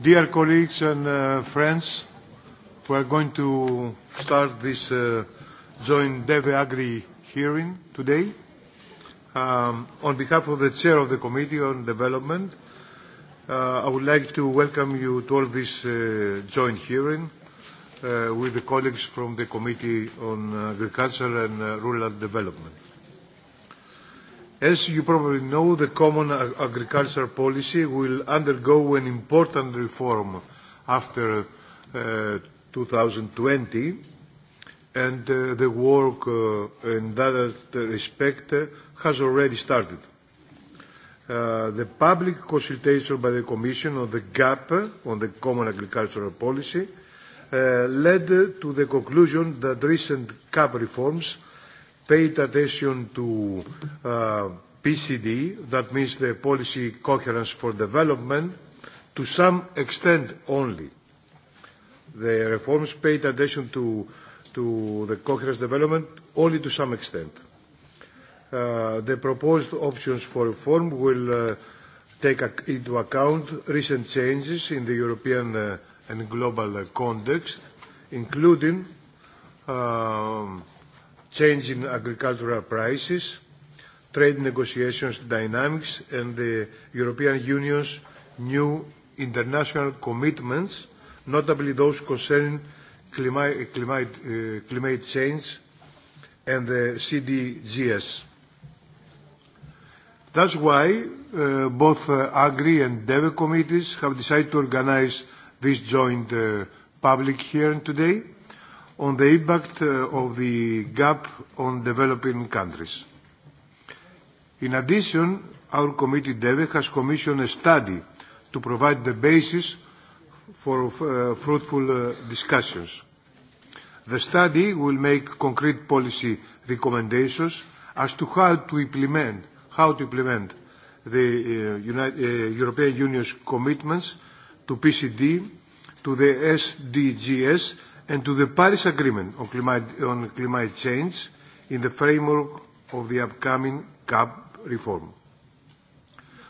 Dear colleagues and uh, friends, we are going to start this uh, joint DEVE Agri hearing today. Um, on behalf of the Chair of the Committee on Development, uh, I would like to welcome you to all this uh, joint hearing uh, with the colleagues from the Committee on uh, Agriculture and uh, Rural Development. As you probably know, the common agricultural policy will undergo an important reform after uh, 2020, and uh, the work uh, in that respect uh, has already started. Uh, the public consultation by the Commission on the gap on the common agricultural policy uh, led to the conclusion that recent CAP reforms paid attention to uh, PCD, that means the policy coherence for development, to some extent only. The reforms paid attention to, to the coherence development only to some extent. Uh, the proposed options for reform will uh, take ac into account recent changes in the European uh, and global uh, context, including um, change in agricultural prices, trade negotiations dynamics, and the European Union's new international commitments, notably those concerning climate, climate, uh, climate change and the CDGS. That's why uh, both uh, Agri and DEVE committees have decided to organize this joint uh, public hearing today on the impact uh, of the gap on developing countries. In addition, our committee DEVE has commissioned a study to provide the basis for uh, fruitful uh, discussions. The study will make concrete policy recommendations as to how to implement, how to implement the uh, United, uh, European Union's commitments to PCD, to the SDGs and to the Paris Agreement on climate, on climate change in the framework of the upcoming CAP reform.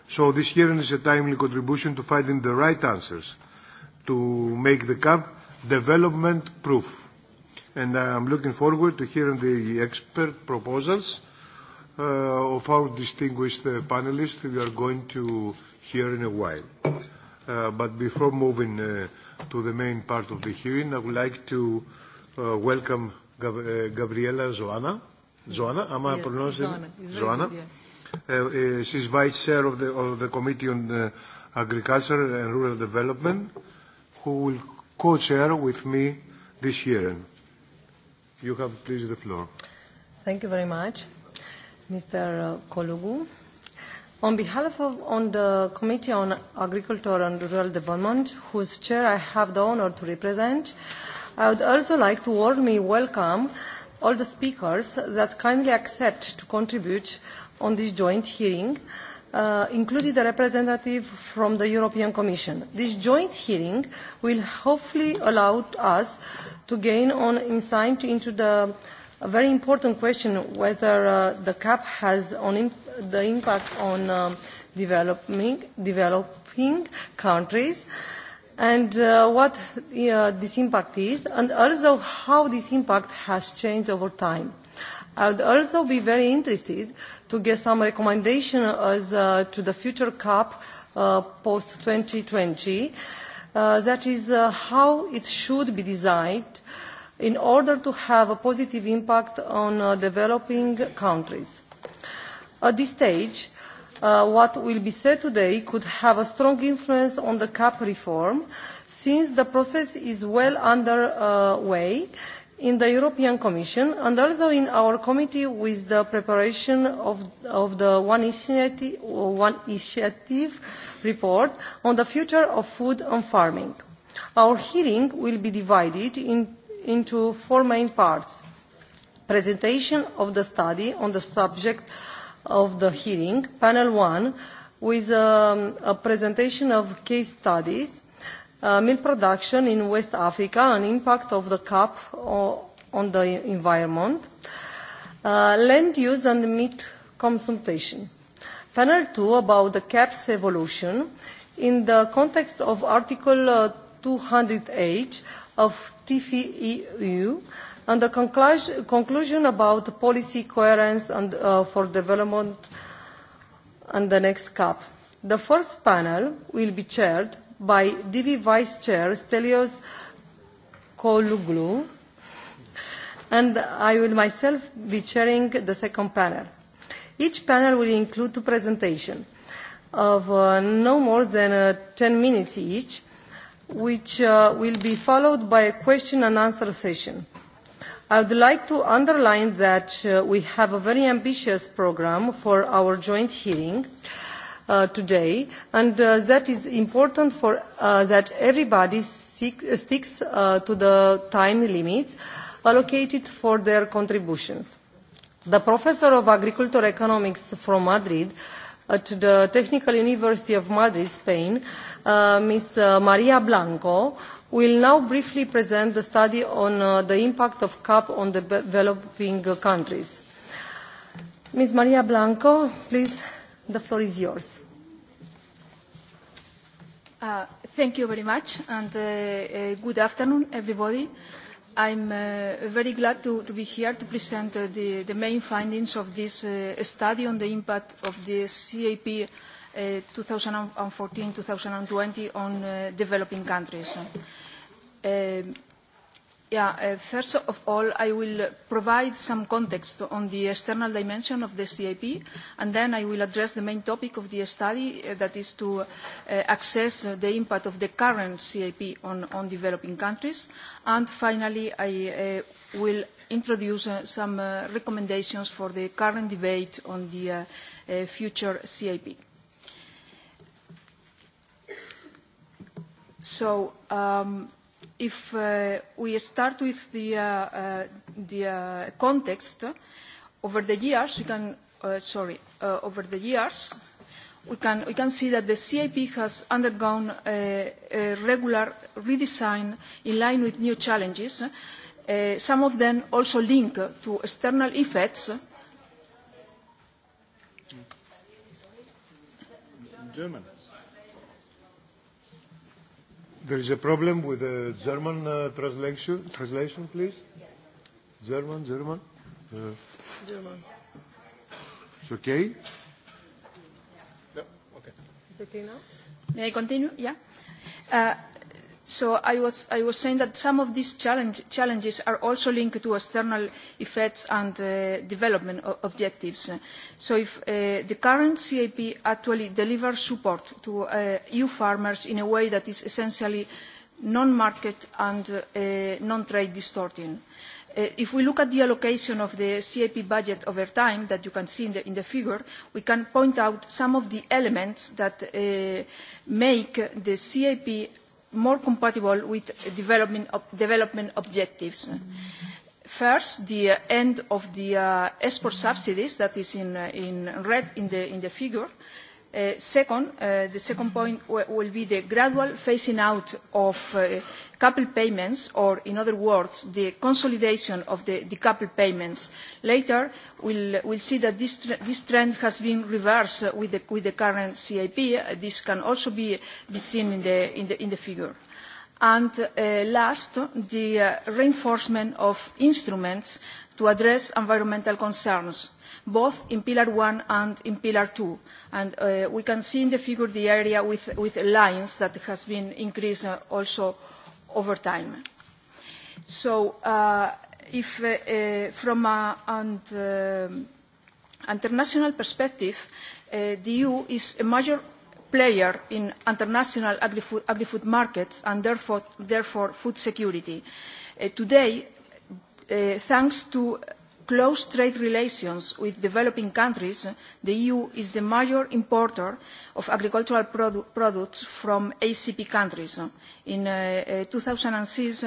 So this hearing is a timely contribution to finding the right answers to make the CAP development proof. And I'm looking forward to hearing the expert proposals uh, of our distinguished uh, panelists we are going to hear in a while. Uh, but before moving uh, to the main part of the hearing. I would like to uh, welcome Gab uh, Gabriela Zoana. Zoana, am I yes, pronouncing Zoana? Zoana. uh, uh, she's Vice Chair of the, of the Committee on uh, Agriculture and Rural Development, who will co-chair with me this hearing. You have, please, the floor. Thank you very much. Mr. Kologu, On behalf of on the Committee on Agriculture and Rural Development, whose chair I have the honor to represent, I would also like to warmly welcome all the speakers that kindly accept to contribute on this joint hearing, uh, including the representative from the European Commission. This joint hearing will hopefully allow us to gain on insight into the a very important question whether uh, the CAP has on, the impact on uh, developing, developing countries and uh, what uh, this impact is and also how this impact has changed over time. I would also be very interested to get some recommendation as uh, to the future CUP uh, post-2020, uh, that is uh, how it should be designed in order to have a positive impact on uh, developing countries. At this stage, uh, what will be said today could have a strong influence on the CAP reform, since the process is well underway uh, in the European Commission and also in our committee with the preparation of, of the One Initiative, One Initiative report on the future of food and farming. Our hearing will be divided in, into four main parts. Presentation of the study on the subject uh, of the hearing, panel one, with um, a presentation of case studies, uh, milk production in West Africa, an impact of the CAP on the environment, uh, land use and meat consumption. Panel two about the CAP's evolution in the context of Article uh, 200H of TFEU, and the conclusion about policy coherence and, uh, for development and the next CAP. The first panel will be chaired by DV Vice Chair Stelios Koluglu, and I will myself be chairing the second panel. Each panel will include two presentations of uh, no more than uh, 10 minutes each, which uh, will be followed by a question and answer session. I would like to underline that uh, we have a very ambitious program for our joint hearing uh, today, and uh, that is important for uh, that everybody seek, uh, sticks uh, to the time limits allocated for their contributions. The professor of agricultural economics from Madrid at uh, the Technical University of Madrid, Spain, uh, Ms. Uh, Maria Blanco, We will now briefly present the study on uh, the impact of CAP on developing countries. Ms. Maria Blanco, please, the floor is yours. Uh, thank you very much, and uh, uh, good afternoon, everybody. I'm uh, very glad to, to be here to present uh, the, the main findings of this uh, study on the impact of the CAP 2014-2020 uh, on uh, developing countries. Uh, Uh, yeah, uh, first of all, I will provide some context on the external dimension of the CIP, and then I will address the main topic of the study, uh, that is to uh, assess the impact of the current CIP on, on developing countries. And finally, I uh, will introduce uh, some uh, recommendations for the current debate on the uh, uh, future CIP. So, um, if uh, we start with the, uh, uh, the uh, context, over the years we can, uh, sorry, uh, over the years we can, we can see that the CIP has undergone a, a regular redesign in line with new challenges, uh, some of them also linked to external effects. German. There is a problem with the German uh, translation, translation, please. German, German. Uh, German. It's okay? No, okay. It's okay now? May I continue? Yeah. Uh, So I was, I was saying that some of these challenge, challenges are also linked to external effects and uh, development objectives. So if uh, the current CAP actually delivers support to uh, EU farmers in a way that is essentially non-market and uh, non-trade distorting. Uh, if we look at the allocation of the CAP budget over time that you can see in the, in the figure, we can point out some of the elements that uh, make the CAP more compatible with development, ob development objectives. First, the uh, end of the uh, export subsidies that is in, uh, in red in the, in the figure. Uh, second, uh, the second point will be the gradual phasing out of uh, coupled payments, or in other words, the consolidation of the decoupled payments. Later, we'll, we'll see that this, tr this trend has been reversed with the, with the current CIP. This can also be, be seen in the, in the, in the figure. And uh, last, the uh, reinforcement of instruments to address environmental concerns, both in Pillar 1 and in Pillar 2. And uh, we can see in the figure the area with, with lines that has been increased uh, also over time. So uh, if uh, uh, from an uh, international perspective, uh, the EU is a major player in international agri-food agri -food markets and therefore, therefore food security. Uh, today, uh, thanks to close trade relations with developing countries, the EU is the major importer of agricultural produ products from ACP countries. In uh, uh, two thousand and six,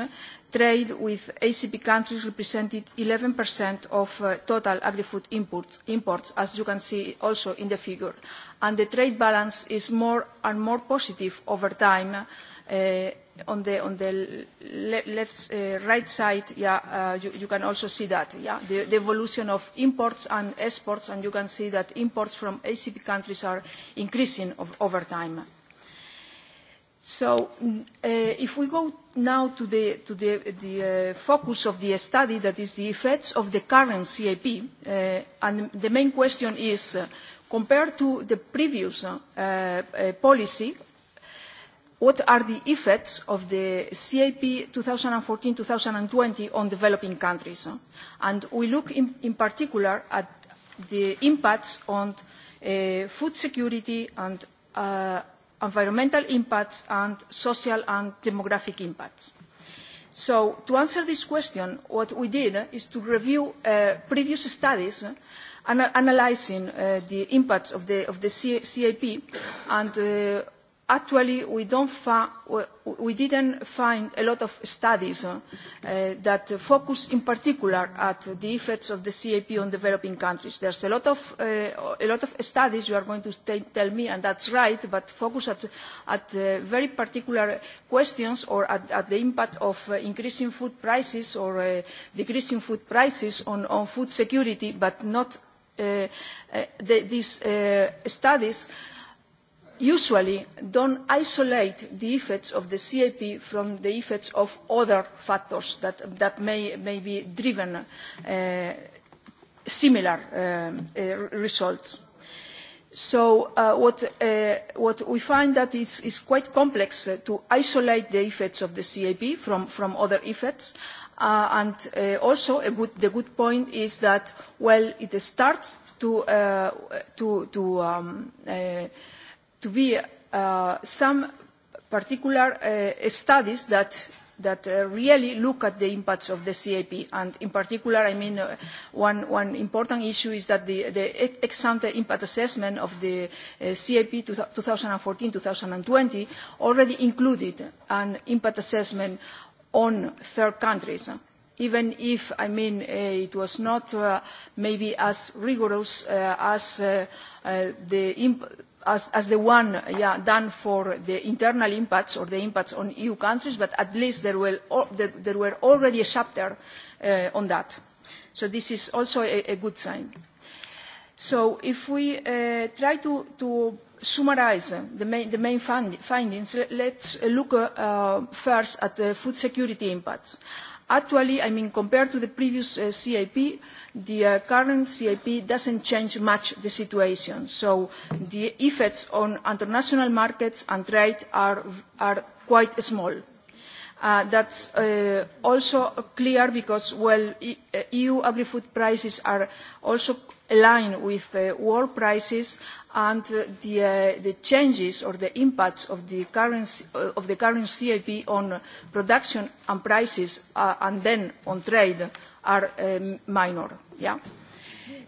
trade with ACP countries represented 11% of uh, total agri-food imports, imports, as you can see also in the figure. And the trade balance is more and more positive over time, Uh, on the on the le left uh, right side yeah uh, you, you can also see that yeah the, the evolution of imports and exports and you can see that imports from acp countries are increasing of, over time so uh, if we go now to the to the the uh, focus of the study that is the effects of the current cap uh, and the main question is uh, compared to the previous uh, uh, policy what are the effects of the CAP 2014-2020 on developing countries. And we look in, in particular at the impacts on uh, food security and uh, environmental impacts and social and demographic impacts. So to answer this question, what we did is to review uh, previous studies uh, ana analyzing uh, the impacts of the, of the CAP and uh, actually we don't find we didn't find a lot of studies uh, that focus in particular at the effects of the CAP on developing countries. There's a lot of, uh, a lot of studies you are going to tell me, and that's right, but focus at, at uh, very particular questions or at, at the impact of uh, increasing food prices or uh, decreasing food prices on, on food security, but not uh, uh, the, these uh, studies usually don't isolate the effects of the CAP from the effects of other factors that, that may, may be driven uh, similar um, uh, results. So uh, what, uh, what we find that it's, it's quite complex uh, to isolate the effects of the CAP from, from other effects. Uh, and uh, also a good, the good point is that, well, it starts to, uh, to, to um, uh, to be uh, some particular uh, studies that that uh, really look at the impacts of the CAP. And in particular, I mean, uh, one, one important issue is that the, the ex-ante impact assessment of the uh, CAP 2014-2020 already included an impact assessment on third countries, even if, I mean, uh, it was not uh, maybe as rigorous uh, as uh, uh, the impact as, as the one yeah, done for the internal impacts or the impacts on EU countries, but at least there, will, there, there were already a chapter uh, on that. So this is also a, a good sign. So if we uh, try to, to summarize the main, the main findings, let's look uh, first at the food security impacts. Actually, I mean, compared to the previous uh, CIP, the uh, current CIP doesn't change much the situation. So the effects on international markets and trade are, are quite small. Uh, that's uh, also clear because, well, e uh, EU agri-food prices are also line with uh, world prices and uh, the, uh, the changes or the impacts of the current, uh, of the current CIP on production and prices uh, and then on trade are um, minor. Yeah?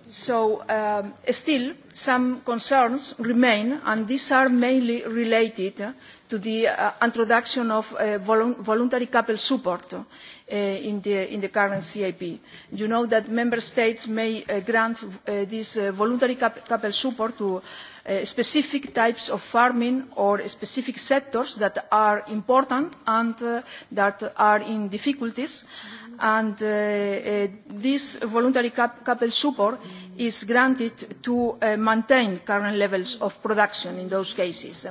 So um, still, some concerns remain, and these are mainly related to the uh, introduction of uh, volu voluntary couple support uh, in, the, in the current CIP. You know that member states may uh, grant uh, this uh, voluntary couple support to uh, specific types of farming or specific sectors that are important and uh, that are in difficulties. Mm -hmm. And uh, uh, this voluntary couple support mm -hmm is granted to uh, maintain current levels of production in those cases.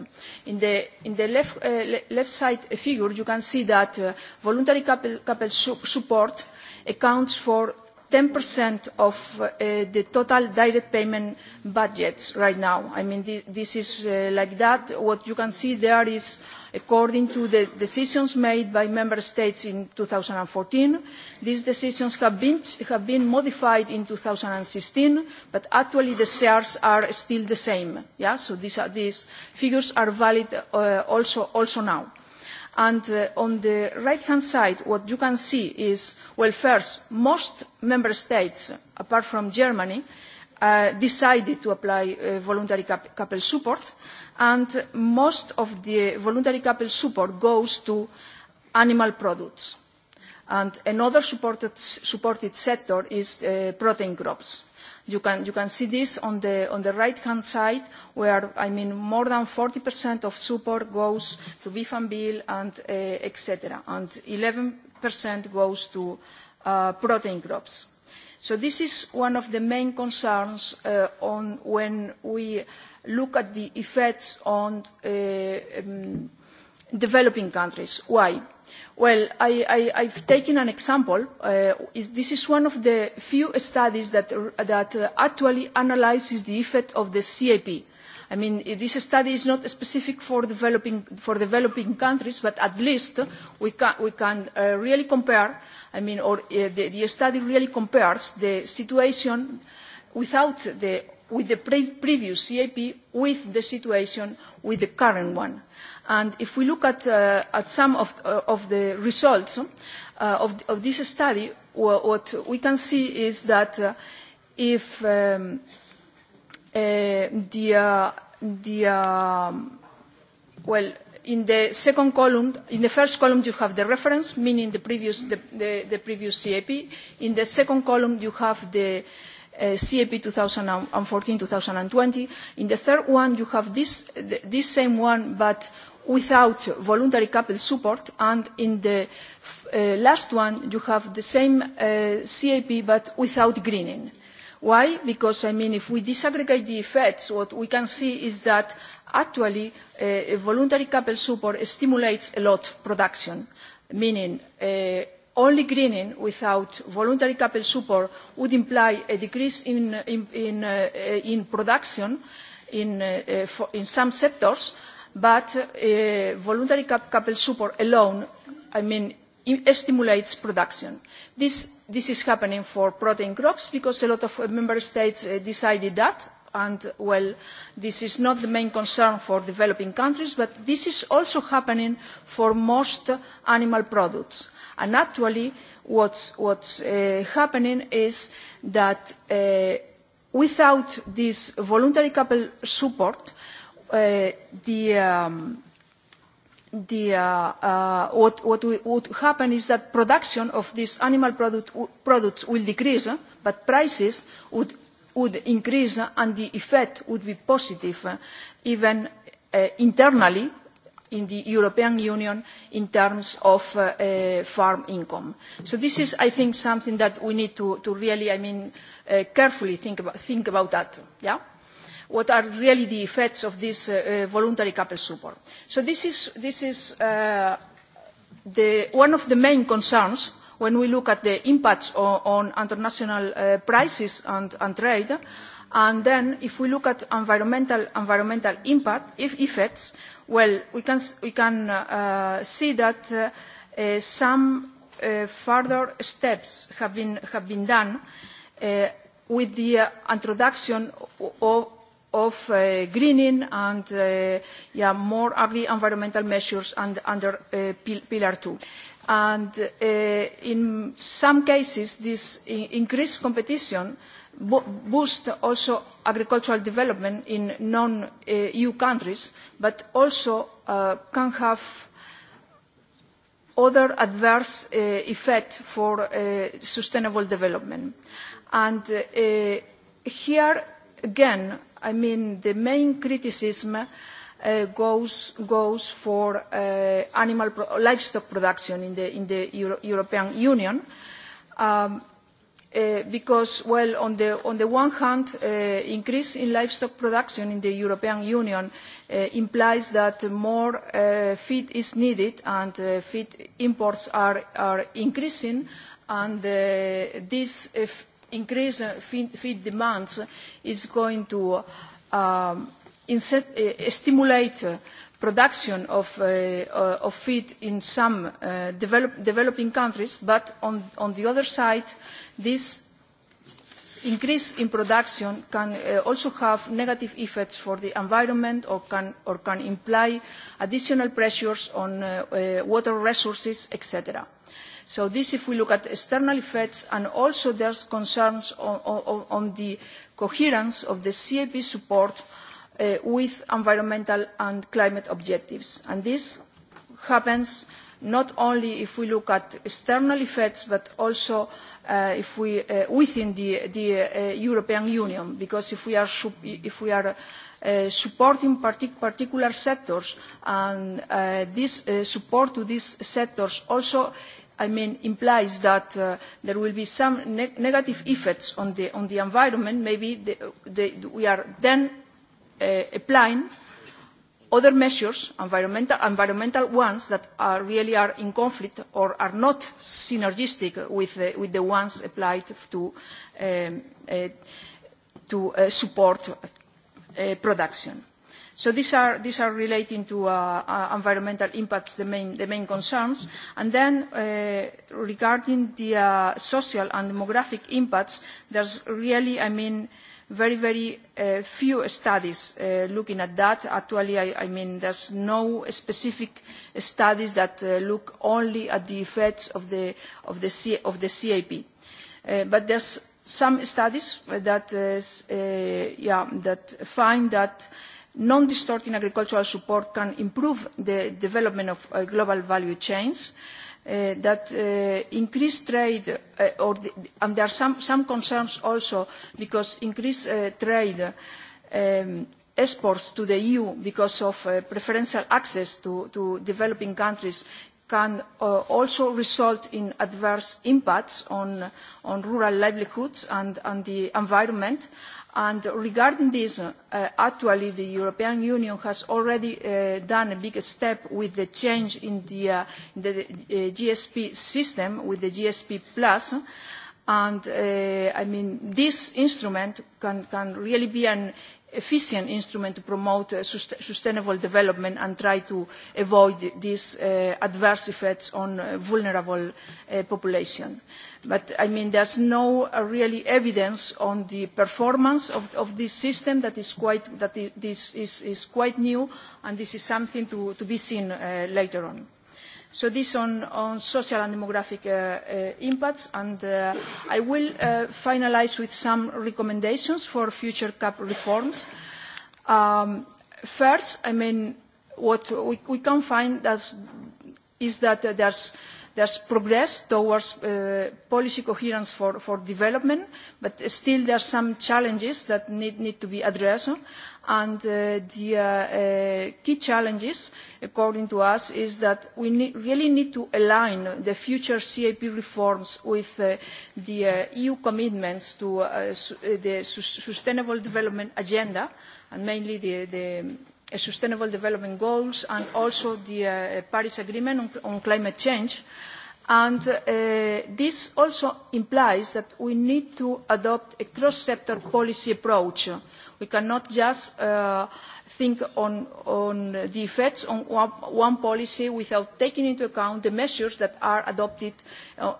In the, in the left, uh, left side figure, you can see that uh, voluntary couple, couple su support accounts for 10% of uh, the total direct payment budgets right now. I mean, th this is uh, like that. What you can see there is According to the decisions made by Member States in 2014, these decisions have been, have been modified in 2016, but actually the shares are still the same. Yeah? So these, are, these figures are valid uh, also, also now. And uh, on the right-hand side, what you can see is, well, first, most member states, apart from Germany, uh, decided to apply uh, voluntary cap capital support and most of the voluntary couple support goes to animal products. And another supported, supported sector is uh, protein crops. You can, you can see this on the, on the right-hand side, where, I mean, more than 40% of support goes to beef and veal and uh, etc. And 11% goes to uh, protein crops. So this is one of the main concerns uh, on when we look at the effects on uh, um, developing countries. Why? Well, I, I, I've taken an example. Uh, is, this is one of the few studies that, that uh, actually analyzes the effect of the CAP, I mean, this study is not specific for developing, for developing countries, but at least we can, we can uh, really compare, I mean, or uh, the, the study really compares the situation without the, with the pre previous CAP with the situation with the current one. And if we look at, uh, at some of, uh, of the results uh, of, of this study, what we can see is that uh, if um, Eh, dia dia well, in the second column, in the first column you have the reference, meaning the previous, the, the, the previous CAP. In the second column you have the uh, CAP 2014-2020. In the third one you have this, this same one, but without voluntary capital support and in the uh, last one you have the same uh, eh, CAP but without greening. Why? Because, I mean, if we disaggregate the effects, what we can see is that actually uh, voluntary couple support stimulates a lot production, meaning uh, only greening without voluntary couple support would imply a decrease in, in, in, uh, in production in, uh, for, in some sectors, but uh, voluntary couple support alone, I mean, stimulates production. This, this is happening for protein crops because a lot of uh, member states uh, decided that and well this is not the main concern for developing countries but this is also happening for most animal products and actually what's, what's uh, happening is that uh, without this voluntary couple support uh, the um, the, uh, uh, what, what would happen is that production of these animal product, products will decrease, uh, but prices would, would increase uh, and the effect would be positive uh, even uh, internally in the European Union in terms of uh, uh, farm income. So this is, I think, something that we need to, to really, I mean, uh, carefully think about, think about that. Yeah? what are really the effects of this uh, uh, voluntary couple support. So this is, this is uh, the, one of the main concerns when we look at the impacts on, on international uh, prices and, and trade. And then if we look at environmental, environmental impact, if effects, well, we can, we can uh, see that uh, uh, some uh, further steps have been, have been done uh, with the uh, introduction of, of uh, greening and uh, yeah, more agri-environmental measures and, under uh, Pillar 2. And uh, in some cases, this increased competition bo boosts also agricultural development in non-EU uh, countries, but also uh, can have other adverse uh, effect for uh, sustainable development. And uh, here, again, I mean, the main criticism uh, goes, goes for uh, animal pro livestock production in the, in the Euro European Union. Um, uh, because, well, on the, on the one hand, uh, increase in livestock production in the European Union uh, implies that more uh, feed is needed and uh, feed imports are, are increasing, and uh, this, uh, increase in uh, feed, feed demands is going to um, uh, stimulate uh, production of, uh, uh, of feed in some uh, develop, developing countries, but on, on the other side, this increase in production can uh, also have negative effects for the environment or can, or can imply additional pressures on uh, uh, water resources, etc. So this, if we look at external effects, and also there's concerns on, on, on the coherence of the CAP support uh, with environmental and climate objectives. And this happens not only if we look at external effects, but also uh, if we, uh, within the, the uh, European Union, because if we are, if we are uh, supporting partic particular sectors, and uh, this uh, support to these sectors also I mean, implies that uh, there will be some ne negative effects on the, on the environment, maybe the, the, we are then uh, applying other measures, environmental, environmental ones, that are really are in conflict or are not synergistic with the, with the ones applied to, um, uh, to uh, support uh, production. So these are, these are relating to uh, uh, environmental impacts, the main, the main concerns. And then uh, regarding the uh, social and demographic impacts, there's really, I mean, very, very uh, few studies uh, looking at that. Actually, I, I mean, there's no specific studies that uh, look only at the effects of the, of the, C, of the CAP. Uh, but there's some studies that, uh, uh, yeah, that find that Non-distorting agricultural support can improve the development of uh, global value chains. Uh, that uh, increase trade, uh, or the, and there are some, some concerns also because increased uh, trade um, exports to the EU because of uh, preferential access to, to developing countries can uh, also result in adverse impacts on, on rural livelihoods and, and the environment And regarding this, uh, actually the European Union has already uh, done a big step with the change in the, uh, the uh, GSP system, with the GSP Plus. And uh, I mean, this instrument can, can really be an efficient instrument to promote uh, sustainable development and try to avoid these uh, adverse effects on uh, vulnerable uh, population. But I mean, there's no uh, really evidence on the performance of, of this system that is quite, that is, is, is quite new, and this is something to, to be seen uh, later on. So this on, on social and demographic uh, uh, impacts, and uh, I will uh, finalize with some recommendations for future CAP reforms. Um, first, I mean, what we, we can find that is that uh, there's There is progress towards uh, policy coherence for, for, development, but still there are some challenges that need, need to be addressed. And uh, the uh, uh, key challenges, according to us, is that we need, really need to align the future CAP reforms with uh, the EU commitments to su the su sustainable development agenda, and mainly the, the Sustainable Development Goals and also the uh, Paris Agreement on, on climate change. And uh, this also implies that we need to adopt a cross-sector policy approach. We cannot just uh, think on, on the effects on one, one policy without taking into account the measures that are adopted uh,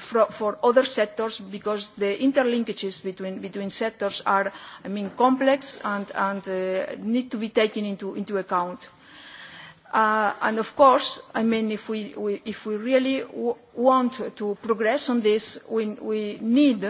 for, for other sectors because the interlinkages between, between sectors are I mean, complex and, and uh, need to be taken into, into account. Uh, and of course, I mean, if we, we, if we really w want to progress on this, we, we need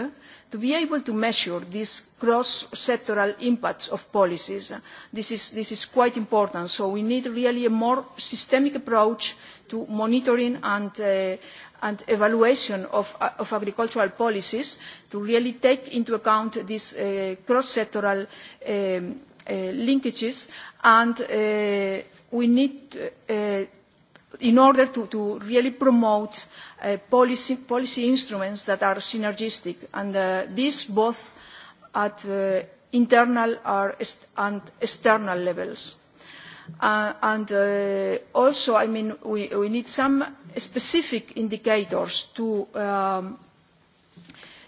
to be able to measure these cross-sectoral impacts of policies. This is, this is quite important, so we need really a more systemic approach to monitoring and, uh, and evaluation of, uh, of agricultural policies to really take into account these uh, cross-sectoral um, uh, linkages and uh, we need uh, uh in order to, to really promote uh, policy, policy instruments that are synergistic and uh, this both at uh, internal and external levels. Uh, and uh, also, I mean, we, we need some specific indicators to, um,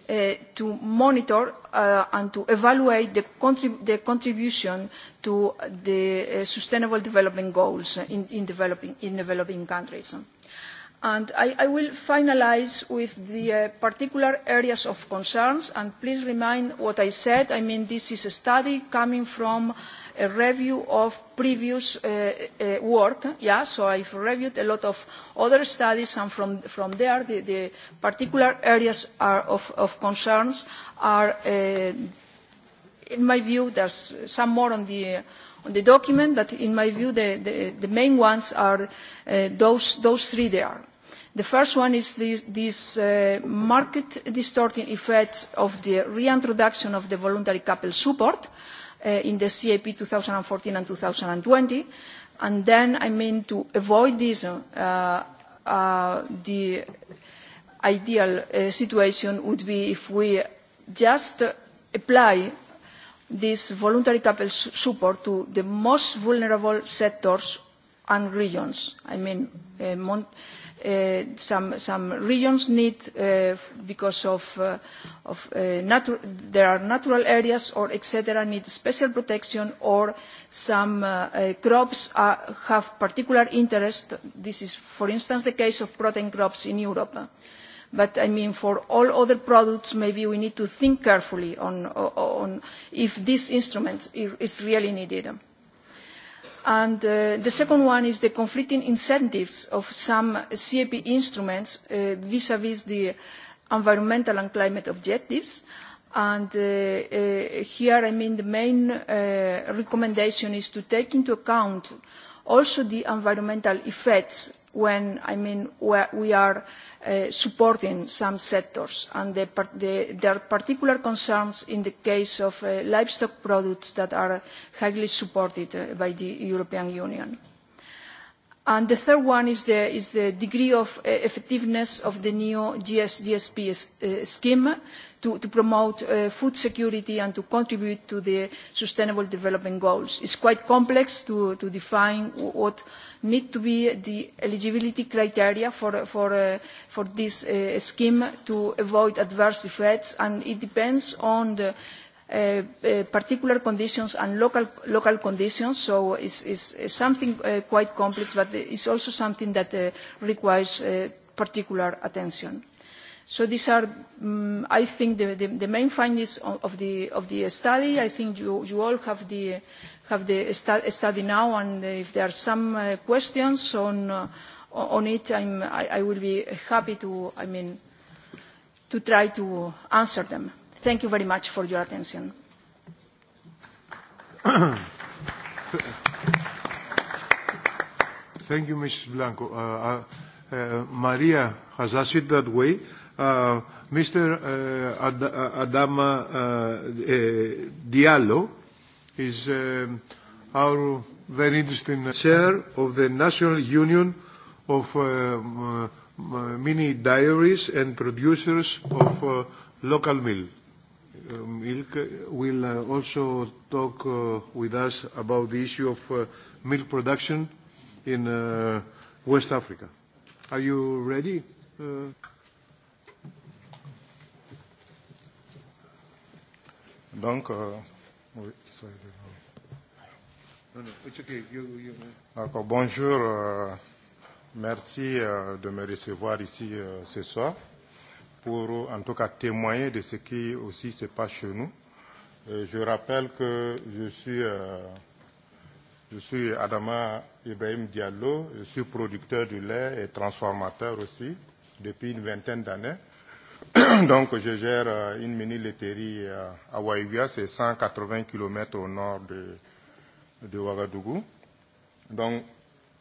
uh, to monitor uh, and to evaluate the, contrib the contribution to the uh, sustainable development goals in, in, developing, in developing countries. And I, I will finalise with the uh, particular areas of concerns, and please remind what I said. I mean, this is a study coming from a review of previous uh, uh, work. Yeah, so I've reviewed a lot of other studies, and from, from there, the, the particular areas are of, of concerns are, uh, in my view, there's some more on the, uh, on the document, but in my view, the, the, the main ones are uh, those, those three there. The first one is this, this uh, market distorting effect of the reintroduction of the voluntary couple support uh, in the CAP 2014 and 2020. And then, I mean, to avoid this, uh, uh, the ideal uh, situation would be if we just apply this voluntary couple support to the most vulnerable sectors and regions. I mean, uh, uh, some, some regions need, uh, because of, uh, of uh, there are natural areas or etc., need special protection, or some uh, uh, crops are, have particular interest. This is, for instance, the case of protein crops in Europe. But I mean, for all other products, maybe we need to think carefully on, on if this instrument is really needed. And uh, the second one is the conflicting incentives of some CAP instruments vis-à-vis uh, vis, the environmental and climate objectives. And uh, uh, here, I mean, the main uh, recommendation is to take into account also the environmental effects when, I mean, where we are Uh, supporting some sectors and there are particular concerns in the case of uh, livestock products that are highly supported uh, by the European Union. And the third one is the, is the degree of effectiveness of the new GSP scheme to, to promote uh, food security and to contribute to the sustainable development goals. It's quite complex to, to define what need to be the eligibility criteria for, for, uh, for this uh, scheme to avoid adverse effects and it depends on the Uh, uh, particular conditions and local, local conditions, so it's, it's something uh, quite complex, but it's also something that uh, requires uh, particular attention. So these are, um, I think, the, the, the main findings of the, of the study. I think you, you all have the, have the stu study now, and if there are some uh, questions on, uh, on it, I'm, I, I will be happy to, I mean, to try to answer them. Thank you very much for your attention. Thank you, Mrs. Blanco. Uh, uh, uh, Maria has asked it that way. Uh, Mr. Uh, Ad Adama uh, uh, Diallo is uh, our very interesting chair of the National Union of uh, uh Mini Diaries and Producers of uh, Local Milk. Um, uh, Ilk will uh, also talk uh, with us about the issue of uh, milk production in uh, West Africa. Are you ready? Uh Donc, euh, oui, ça Non, non, it's okay. You, you... Uh, D'accord, bonjour. Euh, merci euh, de me recevoir ici euh, ce soir pour en tout cas témoigner de ce qui aussi se passe chez nous. Et je rappelle que je suis, euh, je suis Adama Ibrahim Diallo, je suis producteur du lait et transformateur aussi depuis une vingtaine d'années. Donc je gère euh, une mini-laiterie euh, à Waïvia, c'est 180 km au nord de, de Ouagadougou. Donc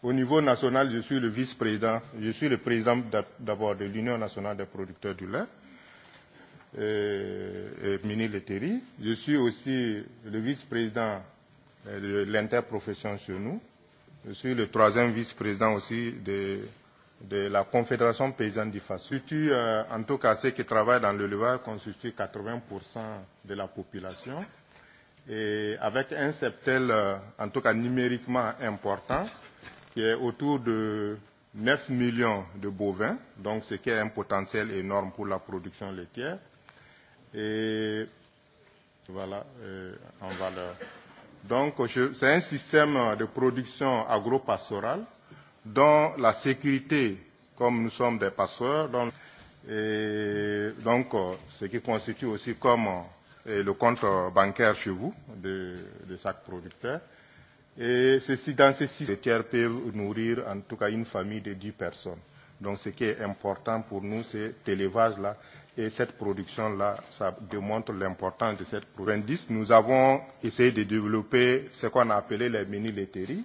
au niveau national, je suis le vice-président, je suis le président d'abord de l'Union nationale des producteurs du lait, et, et mini-laiterie. Je suis aussi le vice-président euh, de l'interprofession chez nous. Je suis le troisième vice-président aussi de de la Confédération paysanne du Faso. Euh, en tout cas, ceux qui travaillent dans le l'élevage constituent 80% de la population. Et avec un septel, euh, en tout cas numériquement important, qui est autour de 9 millions de bovins, donc ce qui est un potentiel énorme pour la production laitière. Et voilà, euh, en valeur. Donc, c'est un système de production agro-pastorale dans la sécurité, comme nous sommes des passeurs, Donc, et donc euh, ce qui constitue aussi comme et euh, le compte bancaire chez vous de, de chaque producteur. Et ceci, dans ces six tiers peuvent nourrir en tout cas une famille de 10 personnes. Donc ce qui est important pour nous, c'est élevage là et cette production-là, ça démontre l'importance de cette production. Nous avons essayé de développer ce qu'on appelait les mini-laiteries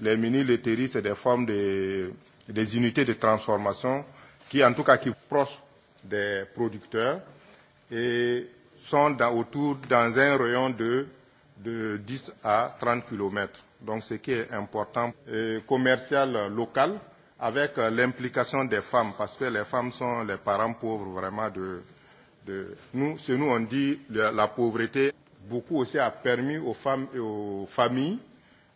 les mini-laiteries, c'est des formes de, des unités de transformation qui, en tout cas, qui sont proches des producteurs et sont dans, autour dans un rayon de, de 10 à 30 km. Donc, ce qui est important, commercial local, avec euh, l'implication des femmes, parce que les femmes sont les parents pauvres vraiment de, de nous. Chez nous, on dit la pauvreté beaucoup aussi a permis aux femmes et aux familles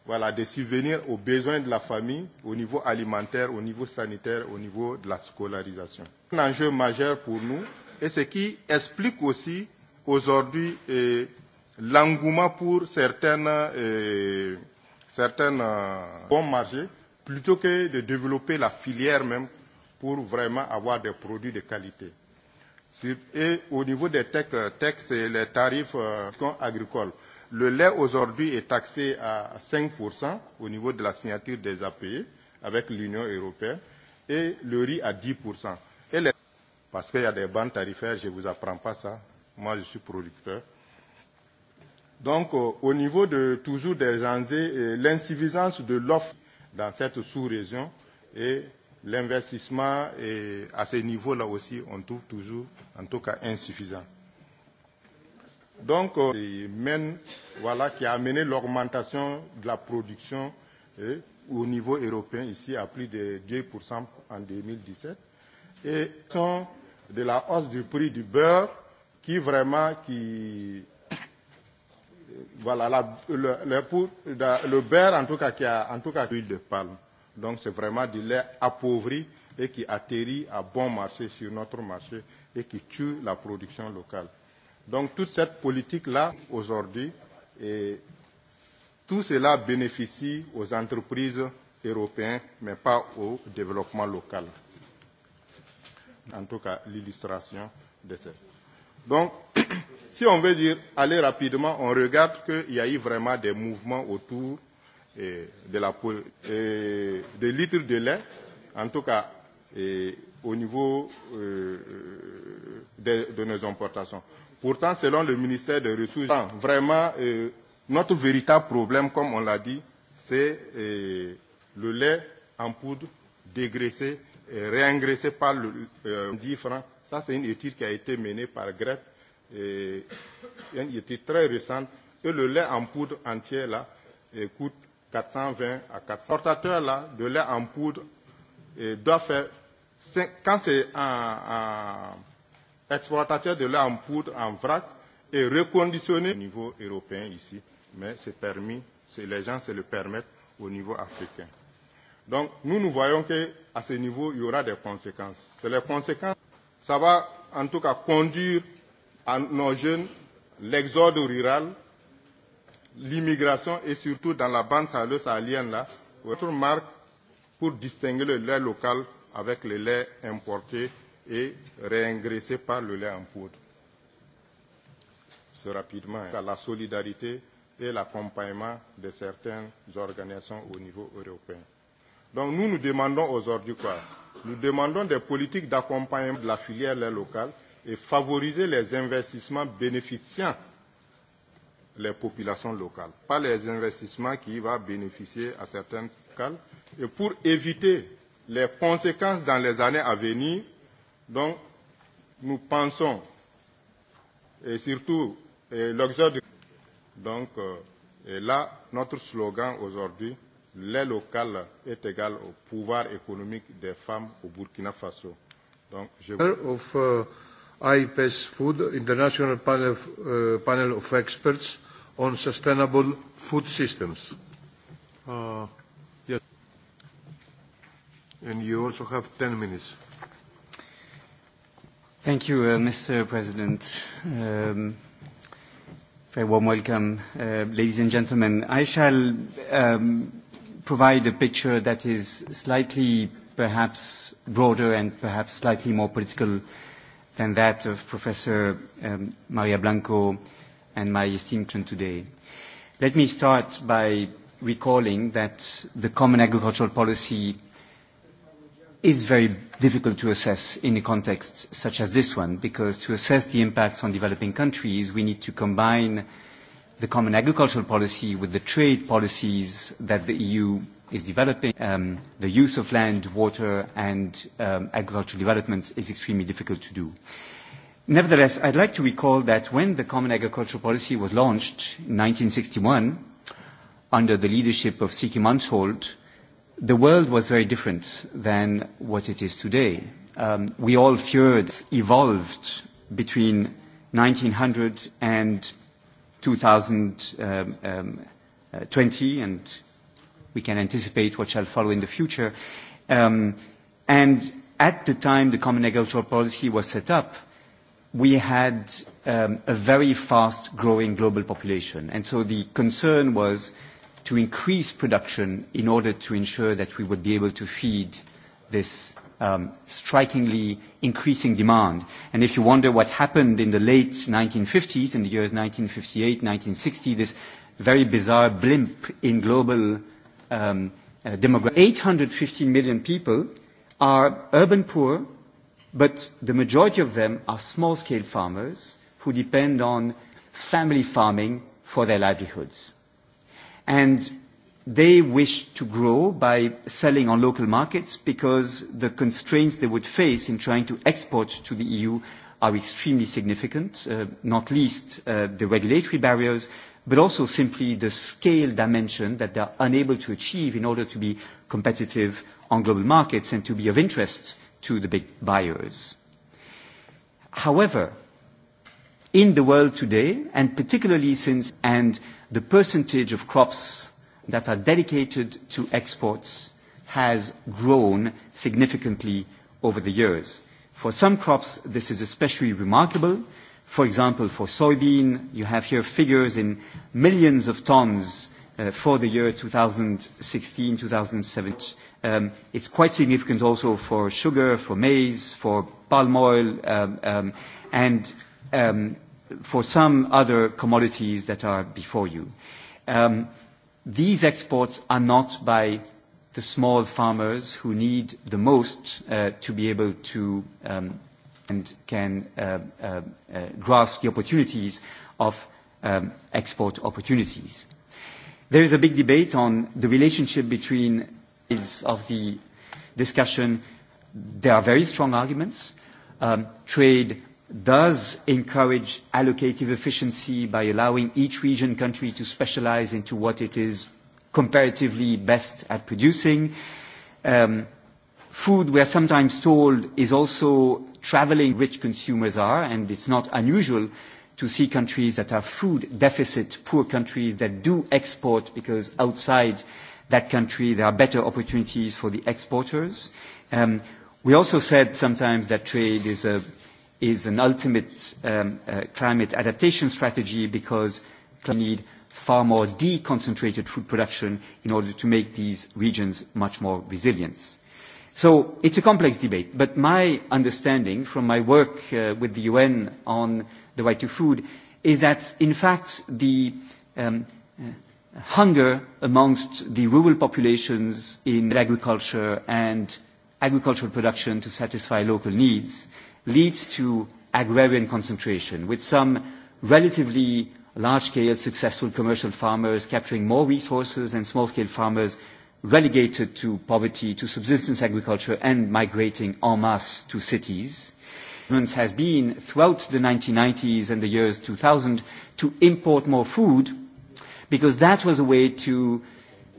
voilà, de subvenir aux besoins de la famille au niveau alimentaire, au niveau sanitaire, au niveau de la scolarisation. Un enjeu majeur pour nous et ce qui explique aussi aujourd'hui eh, l'engouement pour certaines, eh, certaines euh, bons marchés plutôt que de développer la filière même pour vraiment avoir des produits de qualité. Et au niveau des textes, euh, textes et les tarifs euh, agricoles, Le lait aujourd'hui est taxé à 5% au niveau de la signature des APE avec l'Union européenne et le riz à 10%. Et les... Parce qu'il y a des bandes tarifaires, je ne vous apprends pas ça. Moi, je suis producteur. Donc, euh, au niveau de toujours des enjeux, euh, l'insuffisance de l'offre dans cette sous-région et l'investissement à ce niveau-là aussi, on trouve toujours, en tout cas, insuffisant. Donc, euh, ils voilà, qui a amené l'augmentation de la production euh, au niveau européen ici à plus de 2% en 2017. Et sont de la hausse du prix du beurre qui vraiment qui voilà la, le, le, pour, le beurre en tout cas qui a en tout cas l'huile de palme donc c'est vraiment du lait appauvri et qui atterrit à bon marché sur notre marché et qui tue la production locale Donc toute cette politique-là, aujourd'hui, et tout cela bénéficie aux entreprises européennes, mais pas au développement local. En tout cas, l'illustration de ça. Donc, si on veut dire aller rapidement, on regarde qu'il y a eu vraiment des mouvements autour eh, de la, eh, de litres de lait, en tout cas et eh, au niveau euh, de, de nos importations. Pourtant, selon le ministère des Ressources, vraiment, euh, notre véritable problème, comme on l'a dit, c'est euh, le lait en poudre dégraissé et réingraissé par le euh, 10 francs. Ça, c'est une étude qui a été menée par Greffe, et une étude très récente. Et le lait en poudre entier, là, et euh, coûte 420 à 400. L'importateur, là, de lait en poudre, et euh, doit faire, 5, quand c'est en, en exploitateurs de l'air en poudre en vrac et reconditionné au niveau européen ici, mais c'est permis, les gens se le permettent au niveau africain. Donc nous, nous voyons qu'à ce niveau, il y aura des conséquences. C'est les conséquences, ça va en tout cas conduire à nos jeunes l'exode rural, l'immigration et surtout dans la bande saleuse salienne, là, votre marque pour distinguer le lait local avec le lait importé et réingresser par le lait en poudre. Ce rapidement à la solidarité et l'accompagnement de certaines organisations au niveau européen. Donc nous, nous demandons aujourd'hui quoi Nous demandons des politiques d'accompagnement de la filière lait locale et favoriser les investissements bénéficiant les populations locales, pas les investissements qui vont bénéficier à certaines locales, et pour éviter les conséquences dans les années à venir Donc, nous pensons, et surtout l'exode. Donc, euh, et là, notre slogan aujourd'hui, l'aide locale est égal au pouvoir économique des femmes au Burkina Faso. Donc, je vous... Of, uh, IPES Food, International Panel, uh, panel of Experts on Sustainable Food Systems. Uh, yes. And you also have 10 minutes. Thank you, uh, Mr. President. Um, very warm welcome, uh, ladies and gentlemen. I shall um, provide a picture that is slightly, perhaps, broader and perhaps slightly more political than that of Professor um, Maria Blanco and my esteemed today. Let me start by recalling that the Common Agricultural Policy is very difficult to assess in a context such as this one, because to assess the impacts on developing countries, we need to combine the common agricultural policy with the trade policies that the EU is developing. Um, the use of land, water, and um, agricultural development is extremely difficult to do. Nevertheless, I'd like to recall that when the Common Agricultural Policy was launched in 1961, under the leadership of Siki Manshold, the world was very different than what it is today. Um, we all feared evolved between 1900 and 2020, um, um, uh, and we can anticipate what shall follow in the future. Um, and at the time the Common Agricultural Policy was set up, we had um, a very fast growing global population. And so the concern was to increase production in order to ensure that we would be able to feed this um, strikingly increasing demand. And if you wonder what happened in the late 1950s, in the years 1958, 1960, this very bizarre blimp in global um, uh, demography. 850 million people are urban poor, but the majority of them are small-scale farmers who depend on family farming for their livelihoods. And they wish to grow by selling on local markets because the constraints they would face in trying to export to the EU are extremely significant, uh, not least uh, the regulatory barriers, but also simply the scale dimension that they are unable to achieve in order to be competitive on global markets and to be of interest to the big buyers. However, in the world today, and particularly since and the percentage of crops that are dedicated to exports has grown significantly over the years. For some crops, this is especially remarkable. For example, for soybean, you have here figures in millions of tons uh, for the year 2016, 2017. Um, it's quite significant also for sugar, for maize, for palm oil, um, um, and um, for some other commodities that are before you. Um, these exports are not by the small farmers who need the most uh, to be able to um, and can uh, uh, uh, grasp the opportunities of um, export opportunities. There is a big debate on the relationship between is of the discussion. There are very strong arguments. Um, trade does encourage allocative efficiency by allowing each region country to specialize into what it is comparatively best at producing. Um, food, we are sometimes told, is also traveling rich consumers are, and it's not unusual to see countries that are food deficit, poor countries that do export because outside that country there are better opportunities for the exporters. Um, we also said sometimes that trade is a is an ultimate um, uh, climate adaptation strategy because we need far more deconcentrated food production in order to make these regions much more resilient. So it's a complex debate, but my understanding from my work uh, with the UN on the right to food is that, in fact, the um, uh, hunger amongst the rural populations in agriculture and agricultural production to satisfy local needs leads to agrarian concentration, with some relatively large-scale successful commercial farmers capturing more resources and small-scale farmers relegated to poverty, to subsistence agriculture, and migrating en masse to cities. Governments has been throughout the 1990s and the years 2000 to import more food because that was a way to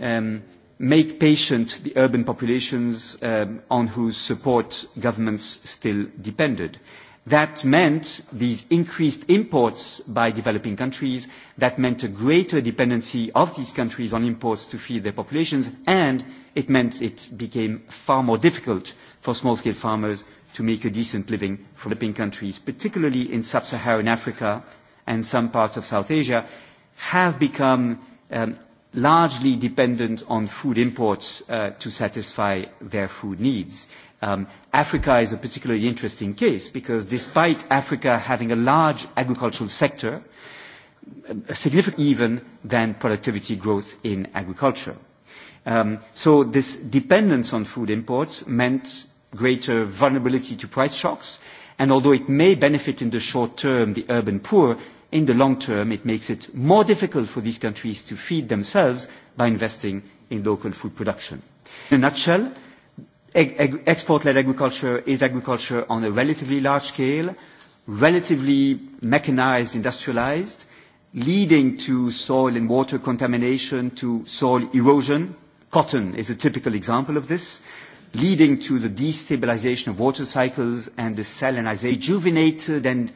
um, make patient the urban populations um, on whose support governments still depended. That meant these increased imports by developing countries, that meant a greater dependency of these countries on imports to feed their populations, and it meant it became far more difficult for small-scale farmers to make a decent living from developing countries, particularly in sub-Saharan Africa and some parts of South Asia, have become um, largely dependent on food imports uh, to satisfy their food needs. Um, Africa is a particularly interesting case because despite Africa having a large agricultural sector, significant even than productivity growth in agriculture. Um, so this dependence on food imports meant greater vulnerability to price shocks, and although it may benefit in the short term the urban poor, in the long term, it makes it more difficult for these countries to feed themselves by investing in local food production. In a nutshell, ag ag export-led agriculture is agriculture on a relatively large scale, relatively mechanized, industrialized, leading to soil and water contamination, to soil erosion. Cotton is a typical example of this, leading to the destabilization of water cycles and the salinization, rejuvenated and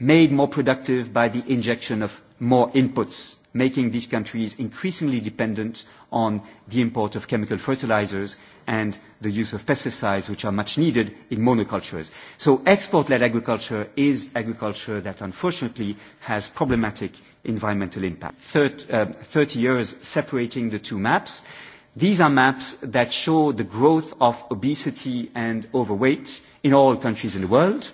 made more productive by the injection of more inputs, making these countries increasingly dependent on the import of chemical fertilizers and the use of pesticides, which are much needed in monocultures. So export-led agriculture is agriculture that unfortunately has problematic environmental impact. Third, uh, 30 years separating the two maps. These are maps that show the growth of obesity and overweight in all countries in the world.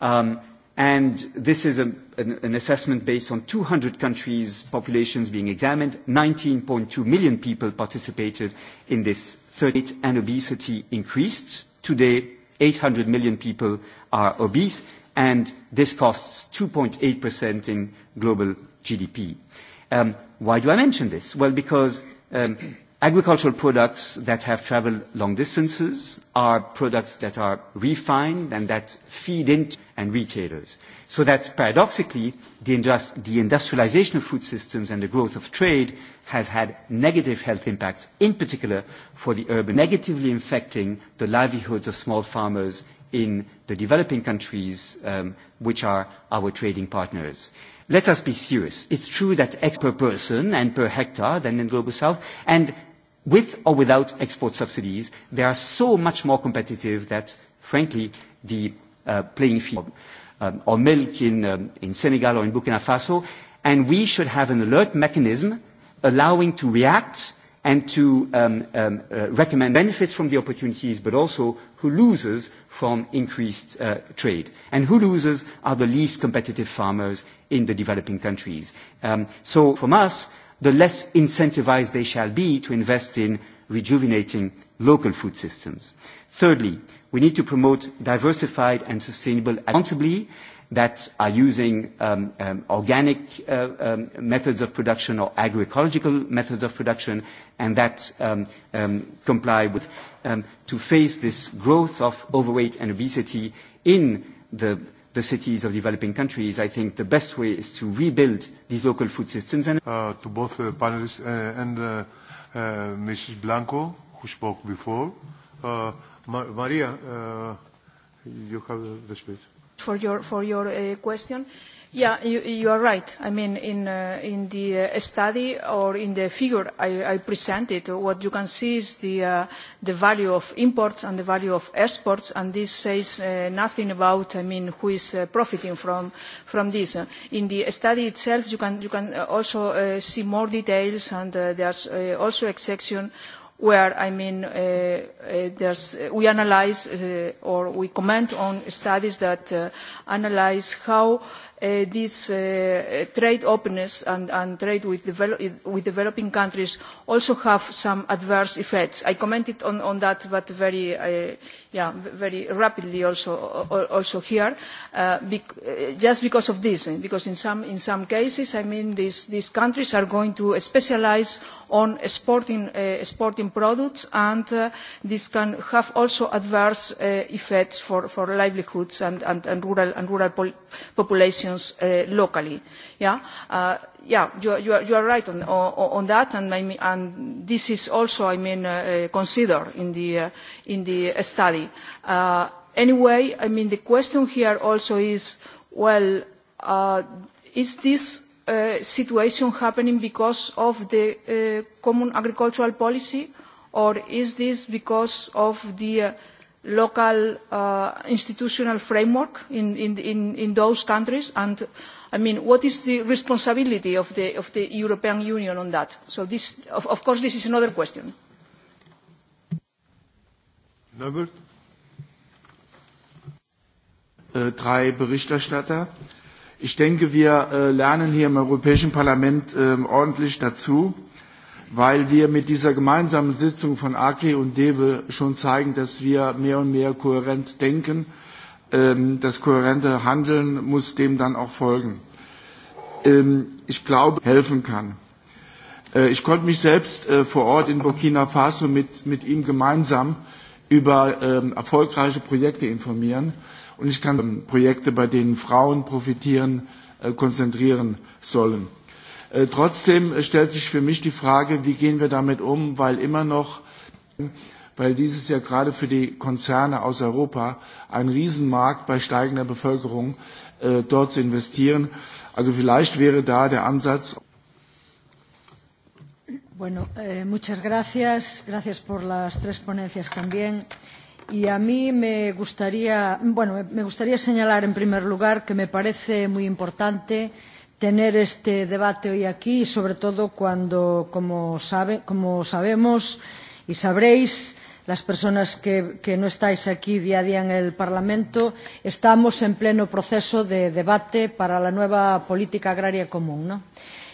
Um, And this is a, an, an assessment based on 200 countries' populations being examined. 19.2 million people participated in this 38 and obesity increased. Today, 800 million people are obese and this costs 2.8% in global GDP. Um, why do I mention this? Well, because um, Agricultural products that have traveled long distances are products that are refined and that feed into and retailers. So that paradoxically, the, industri the industrialization of food systems and the growth of trade has had negative health impacts, in particular for the urban, negatively affecting the livelihoods of small farmers in the developing countries, um, which are our trading partners. Let us be serious. It's true that X per person and per hectare than in Global South, and with or without export subsidies, they are so much more competitive that, frankly, the uh, playing field um, or milk in, um, in Senegal or in Burkina Faso, and we should have an alert mechanism allowing to react and to um, um, uh, recommend benefits from the opportunities, but also who loses from increased uh, trade. And who loses are the least competitive farmers in the developing countries. Um, so from us, the less incentivized they shall be to invest in rejuvenating local food systems. Thirdly, we need to promote diversified and sustainable responsibly that are using um, um, organic uh, um, methods of production or agroecological methods of production and that um, um, comply with um, to face this growth of overweight and obesity in the the cities of developing countries, I think the best way is to rebuild these local food systems. And uh, to both uh, panelists uh, and uh, uh, Mrs. Blanco, who spoke before. Uh, Ma Maria, uh, you have the speech. For your, for your uh, question. Uh, Yeah, you, you are right. I mean, in, uh, in the uh, study or in the figure I, I presented, what you can see is the, uh, the value of imports and the value of exports, and this says uh, nothing about, I mean, who is uh, profiting from, from this. Uh, in the study itself, you can, you can also uh, see more details, and uh, there's uh, also a section where I mean uh, uh, there's, uh, we analyze uh, or we comment on studies that uh, analyze how Uh, this uh, trade openness and, and trade with, develop, with developing countries also have some adverse effects. I commented on, on that, but very, uh, yeah, very rapidly also, uh, also here, uh, bec uh, just because of this, eh, because in some, in some cases, I mean, these, these countries are going to specialize on exporting, uh, exporting products, and uh, this can have also adverse uh, effects for, for livelihoods and, and, and rural, and rural populations organizations uh, locally. Yeah, uh, yeah you, are, you, are, you are right on, on, on that, and, I mean, and this is also, I mean, uh, considered in the, uh, in the study. Uh, anyway, I mean, the question here also is, well, uh, is this uh, situation happening because of the uh, common agricultural policy, or is this because of the uh, local uh, institutional framework in, in, in, in those countries and I mean, what is the responsibility of the, of the European Union on that? So this, of, of course, this is another question. Norbert? Äh, drei Berichterstatter. Ich denke, wir äh, lernen hier im Europäischen Parlament ähm, ordentlich dazu weil wir mit dieser gemeinsamen Sitzung von AKE und DEWE schon zeigen, dass wir mehr und mehr kohärent denken. Ähm, das kohärente Handeln muss dem dann auch folgen. Ähm, ich glaube, helfen kann. Äh, ich konnte mich selbst äh, vor Ort in Burkina Faso mit, mit ihm gemeinsam über ähm, erfolgreiche Projekte informieren. Und ich kann Projekte, bei denen Frauen profitieren, äh, konzentrieren sollen. Äh, trotzdem stellt sich für mich die Frage, wie gehen wir damit um, weil immer noch, weil dieses ja gerade für die Konzerne aus Europa ein Riesenmarkt bei steigender Bevölkerung äh, dort zu investieren. Also vielleicht wäre da der Ansatz. Bueno, eh, muchas gracias. Gracias por las tres ponencias también. Y a mí me gustaría, bueno, me gustaría señalar en primer lugar que me parece muy importante eh, tener este debate hoy aquí, sobre todo cuando, como, sabe, como sabemos y sabréis, las personas que, que no estáis aquí día a día en el Parlamento, estamos en pleno proceso de debate para la nueva política agraria común. ¿no?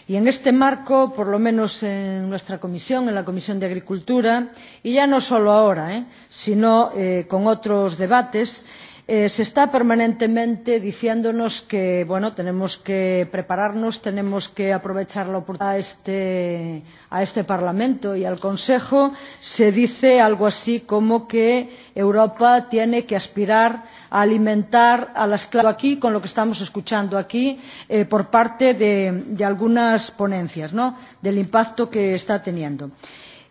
Y en este marco, por lo menos en nuestra comisión, en la Comisión de Agricultura, y ya no solo ahora, ¿eh? sino eh, con otros debates, eh, se está permanentemente diciéndonos que bueno, tenemos que prepararnos, tenemos que aprovechar la oportunidad a este, a este Parlamento y al Consejo. Se dice algo así como que Europa tiene que aspirar a alimentar a las clases aquí con lo que estamos escuchando aquí eh, por parte de, de algunas ponencias ¿no? del impacto que está teniendo.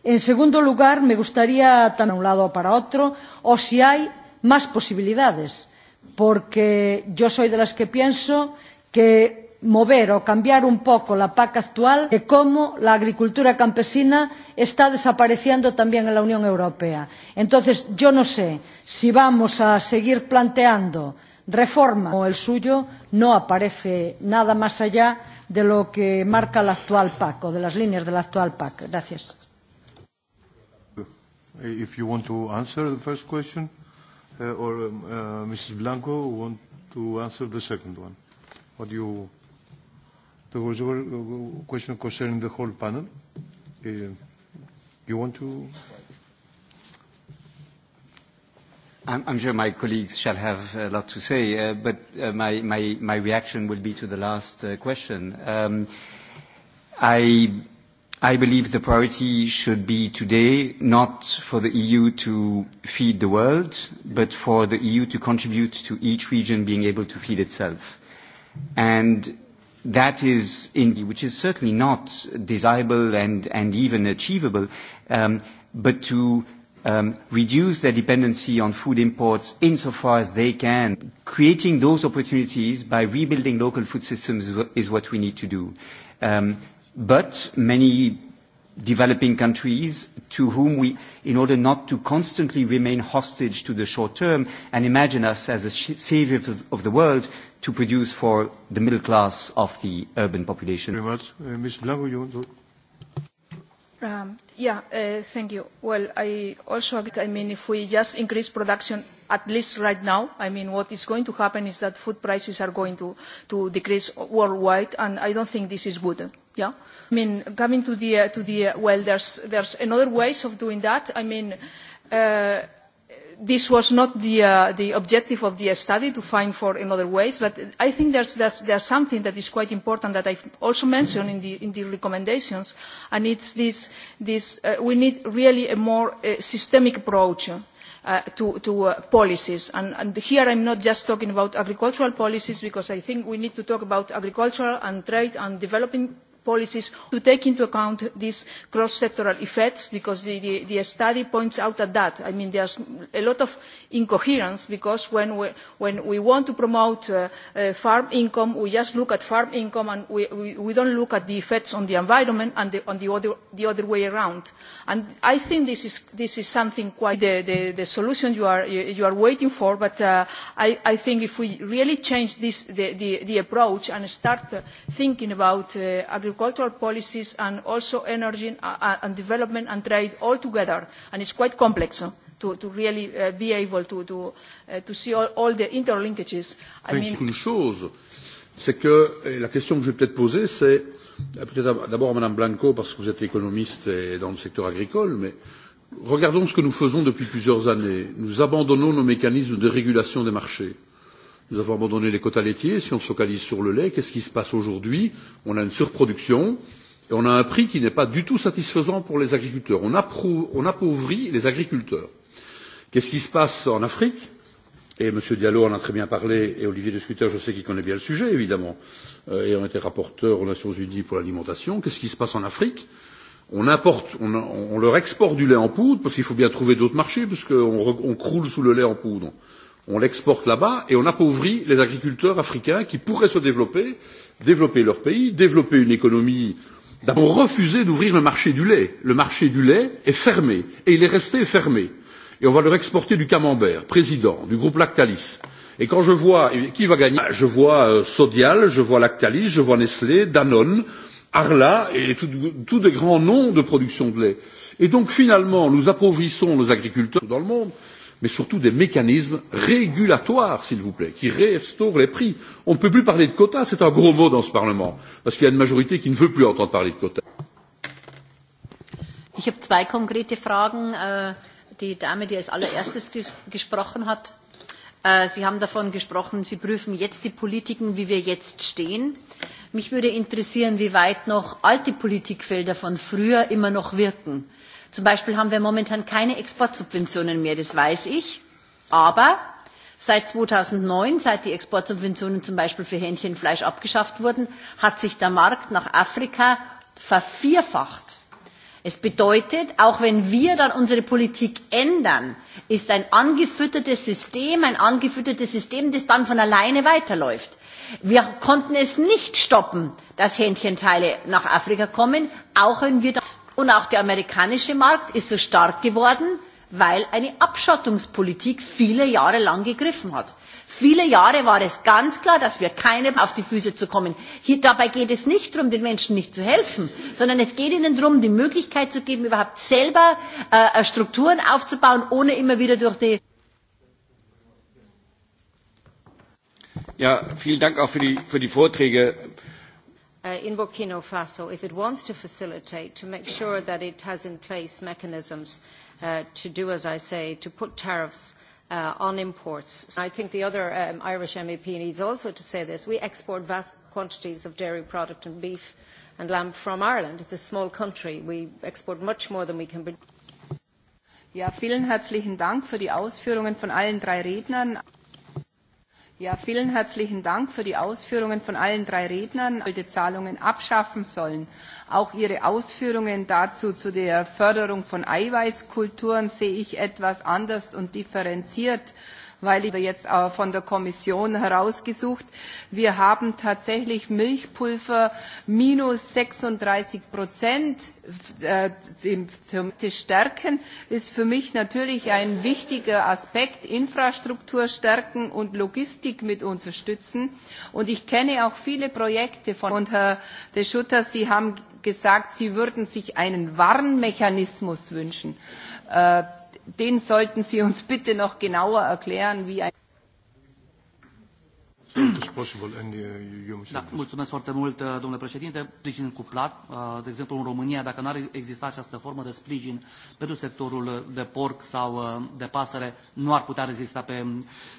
En segundo lugar, me gustaría, de un lado para otro, o si hay más posibilidades, porque yo soy de las que pienso que mover o cambiar un poco la PAC actual, de cómo la agricultura campesina está desapareciendo también en la Unión Europea. Entonces, yo no sé si vamos a seguir planteando reforma como el suyo, no aparece nada más allá de lo que marca la actual PAC o de las líneas de la actual PAC. Gracias. If you want to answer the first question uh, or um, uh, Mrs. Blanco want to answer the second one. What do you, there was a question concerning the whole panel. Uh, you want to? I'm, I'm sure my colleagues shall have a lot to say, uh, but uh, my, my, my reaction will be to the last uh, question. Um, I I believe the priority should be today not for the EU to feed the world, but for the EU to contribute to each region being able to feed itself. And that is, in, which is certainly not desirable and, and even achievable, um, but to um, reduce their dependency on food imports insofar as they can. Creating those opportunities by rebuilding local food systems is what we need to do. Um, but many developing countries to whom we, in order not to constantly remain hostage to the short term and imagine us as the saviors of the world, to produce for the middle class of the urban population. Very much. Uh, Ms. Blanco, you want to? Um, yeah, uh, thank you. Well, I also agree. I mean, if we just increase production, at least right now, I mean, what is going to happen is that food prices are going to, to decrease worldwide, and I don't think this is good. Yeah, I mean, coming to the, uh, to the uh, well, there's, there's another ways of doing that. I mean, uh, this was not the, uh, the objective of the study to find for another ways, but I think there's, there's, there's something that is quite important that I've also mentioned in the, in the recommendations, and it's this, this uh, we need really a more uh, systemic approach. Uh, to, to uh, policies. And, and here I'm not just talking about agricultural policies because I think we need to talk about agricultural and trade and developing policies to take into account these cross-sectoral effects because the, the, the study points out at that. I mean, there's a lot of incoherence because when we, when we want to promote uh, uh, farm income, we just look at farm income and we, we, we don't look at the effects on the environment and the, on the other, the other way around. And I think this is, this is something quite the, the, the solution you are, you are waiting for, but uh, I, I think if we really change this, the, the, the approach and start thinking about uh, agriculture agricultural policies and also energy uh, uh, and development and trade all together. And it's quite complex huh, to, to really uh, be able to, to, uh, to see all, all the interlinkages. I mean, une chose, c'est que la question que je vais peut-être poser, c'est euh, peut-être d'abord à Mme Blanco, parce que vous êtes économiste et dans le secteur agricole, mais regardons ce que nous faisons depuis plusieurs années. Nous abandonnons nos mécanismes de régulation des marchés. Nous avons abandonné les quotas laitiers. Si on se focalise sur le lait, qu'est-ce qui se passe aujourd'hui On a une surproduction et on a un prix qui n'est pas du tout satisfaisant pour les agriculteurs. On, on appauvrit les agriculteurs. Qu'est-ce qui se passe en Afrique Et M. Diallo en a très bien parlé, et Olivier Descuteur, je sais qu'il connaît bien le sujet, évidemment, euh, et on était rapporteur aux Nations Unies pour l'alimentation. Qu'est-ce qui se passe en Afrique on importe, on, on leur exporte du lait en poudre, parce qu'il faut bien trouver d'autres marchés, puisqu'on on croule sous le lait en poudre on l'exporte là-bas et on appauvrit les agriculteurs africains qui pourraient se développer, développer leur pays, développer une économie. D'abord, refuser d'ouvrir le marché du lait. Le marché du lait est fermé et il est resté fermé. Et on va leur exporter du camembert, président du groupe Lactalis. Et quand je vois eh qui va gagner, je vois euh, Sodial, je vois Lactalis, je vois Nestlé, Danone, Arla et tous des grands noms de production de lait. Et donc finalement, nous appauvrissons nos agriculteurs dans le monde mais surtout des mécanismes régulatoires, s'il vous plaît, qui restaurent les prix. On ne peut plus parler de quotas, c'est un gros mot dans ce Parlement, parce qu'il y a une majorité qui ne veut plus entendre parler de quotas. Ich habe zwei konkrete Fragen. Äh, die Dame, die als allererstes ges gesprochen hat, äh, Sie haben davon gesprochen, Sie prüfen jetzt die Politiken, wie wir jetzt stehen. Mich würde interessieren, wie weit noch alte Politikfelder von früher immer noch wirken. Zum Beispiel haben wir momentan keine Exportsubventionen mehr, das weiß ich. Aber seit 2009, seit die Exportsubventionen zum Beispiel für Hähnchenfleisch abgeschafft wurden, hat sich der Markt nach Afrika vervierfacht. Es bedeutet, auch wenn wir dann unsere Politik ändern, ist ein angefüttertes System ein angefüttertes System, das dann von alleine weiterläuft. Wir konnten es nicht stoppen, dass Hähnchenteile nach Afrika kommen, auch wenn wir das Und auch der amerikanische Markt ist so stark geworden, weil eine Abschottungspolitik viele Jahre lang gegriffen hat. Viele Jahre war es ganz klar, dass wir keinem auf die Füße zu kommen. Hier, dabei geht es nicht darum, den Menschen nicht zu helfen, sondern es geht ihnen darum, die Möglichkeit zu geben, überhaupt selber äh, äh Strukturen aufzubauen, ohne immer wieder durch die. Ja, vielen Dank auch für die, für die Vorträge uh, in Burkina Faso, if it wants to facilitate, to make sure that it has in place mechanisms uh, to do, as I say, to put tariffs uh, on imports. I think the other um, Irish MEP needs also to say this. We export vast quantities of dairy product and beef and lamb from Ireland. It's a small country. We export much more than we can produce. Ja, vielen herzlichen Dank für die Ausführungen von allen drei Rednern. Ja, vielen herzlichen Dank für die Ausführungen von allen drei Rednern, die Zahlungen abschaffen sollen. Auch Ihre Ausführungen dazu zu der Förderung von Eiweißkulturen sehe ich etwas anders und differenziert weil ich jetzt äh, von der Kommission herausgesucht. Wir haben tatsächlich Milchpulver minus 36 Prozent äh, zum Stärken ist für mich natürlich ein wichtiger Aspekt, Infrastruktur stärken und Logistik mit unterstützen. Und ich kenne auch viele Projekte von und Herr De Schutter, Sie haben gesagt, Sie würden sich einen Warnmechanismus wünschen. Äh, den sollten Sie uns bitte noch genauer erklären, wie ein Da, mulțumesc foarte mult, uh, domnule președinte. Sprijin cuplat. Uh, de exemplu, în România, dacă n-ar exista această formă de sprijin pentru sectorul de porc sau uh, de pasăre, nu ar putea rezista pe,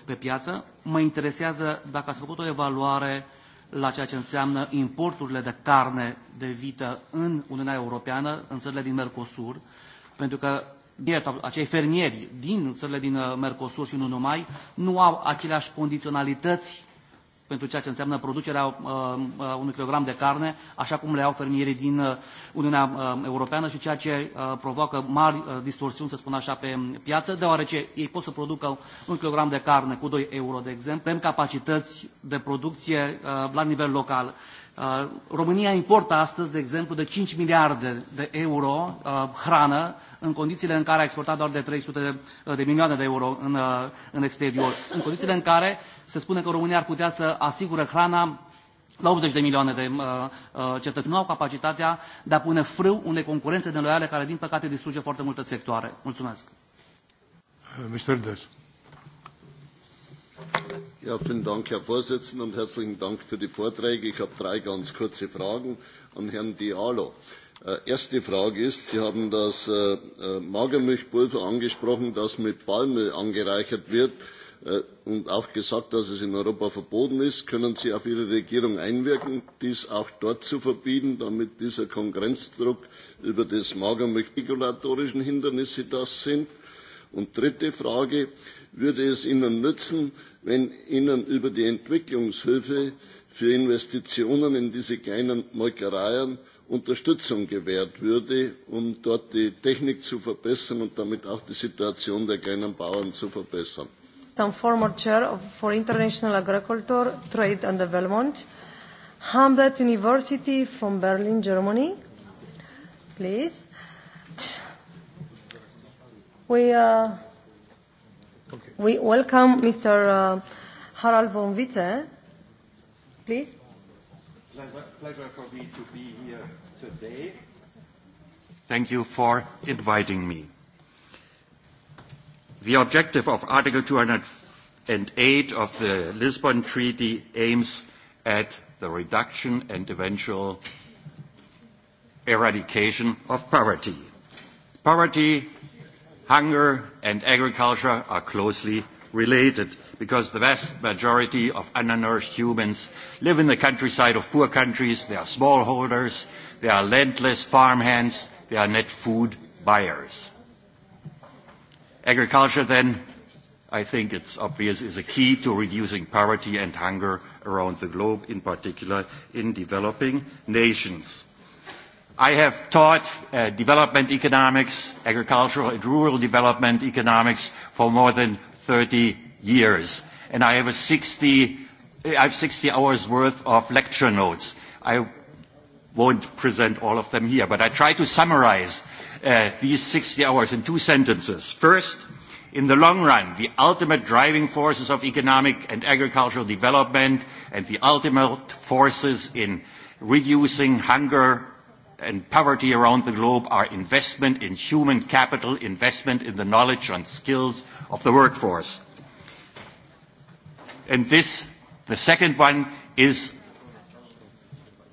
pe piață. Mă interesează dacă ați făcut o evaluare la ceea ce înseamnă importurile de carne de vită în Uniunea Europeană, în țările din Mercosur, pentru că acei fermieri din țările din uh, Mercosur și nu numai, nu au aceleași condiționalități pentru ceea ce înseamnă producerea uh, uh, unui kilogram de carne, așa cum le au fermierii din uh, Uniunea uh, Europeană și ceea ce uh, provoacă mari uh, distorsiuni, să spun așa, pe piață, deoarece ei pot să producă un kilogram de carne cu 2 euro, de exemplu. Avem capacități de producție uh, la nivel local. Uh, România importă astăzi, de exemplu, de 5 miliarde de euro uh, hrană în condițiile în care a exportat doar de 300 de, de milioane de euro în, uh, în exterior, în condițiile în care se spune că România ar putea să asigură hrana la 80 de milioane de uh, uh, cetățeni nu au capacitatea de a pune frâu unei concurențe neloiale care, din păcate, distruge foarte multe sectoare. Mulțumesc. Uh, Mr. Dess. Ja, vielen Dank, Herr Vorsitzender, und herzlichen Dank für die Vorträge. Ich habe drei ganz kurze Fragen an Herrn Diallo. Äh, erste Frage ist, Sie haben das äh, äh, Magermilchpulver angesprochen, das mit Palmöl angereichert wird und auch gesagt, dass es in Europa verboten ist. Können Sie auf Ihre Regierung einwirken, dies auch dort zu verbieten, damit dieser Konkurrenzdruck über das Magermilch regulatorischen Hindernisse das sind? Und dritte Frage, würde es Ihnen nützen, wenn Ihnen über die Entwicklungshilfe für Investitionen in diese kleinen Molkereien Unterstützung gewährt würde, um dort die Technik zu verbessern und damit auch die Situation der kleinen Bauern zu verbessern. I'm former chair of, for international agriculture, trade and development, Humboldt University from Berlin, Germany. Please. We, uh, okay. we welcome Mr. Uh, Harald von Witte. Please. Pleasure, pleasure for me to be here today. Thank you for inviting me. The objective of Article 208 of the Lisbon Treaty aims at the reduction and eventual eradication of poverty. Poverty, hunger and agriculture are closely related because the vast majority of unnourished humans live in the countryside of poor countries, they are smallholders, they are landless farmhands, they are net food buyers. Agriculture then, I think it's obvious, is a key to reducing poverty and hunger around the globe, in particular in developing nations. I have taught uh, development economics, agricultural and rural development economics for more than 30 years. And I have, a 60, I have 60 hours worth of lecture notes. I won't present all of them here, but I try to summarize uh, these 60 hours in two sentences. First, in the long run, the ultimate driving forces of economic and agricultural development and the ultimate forces in reducing hunger and poverty around the globe are investment in human capital, investment in the knowledge and skills of the workforce. And this, the second one, is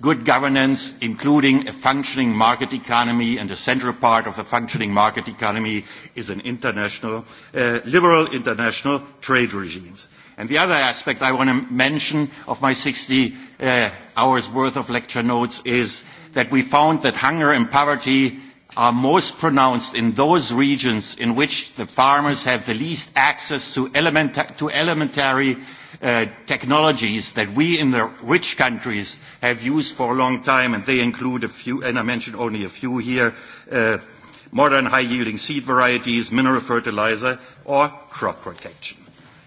good governance, including a functioning market economy, and a central part of a functioning market economy is an international, uh, liberal international trade regimes. And the other aspect I want to mention of my 60 uh, hours worth of lecture notes is that we found that hunger and poverty are most pronounced in those regions in which the farmers have the least access to, to elementary uh, technologies that we in the rich countries have used for a long time, and they include a few, and I mentioned only a few here, uh, modern high-yielding seed varieties, mineral fertilizer, or crop protection.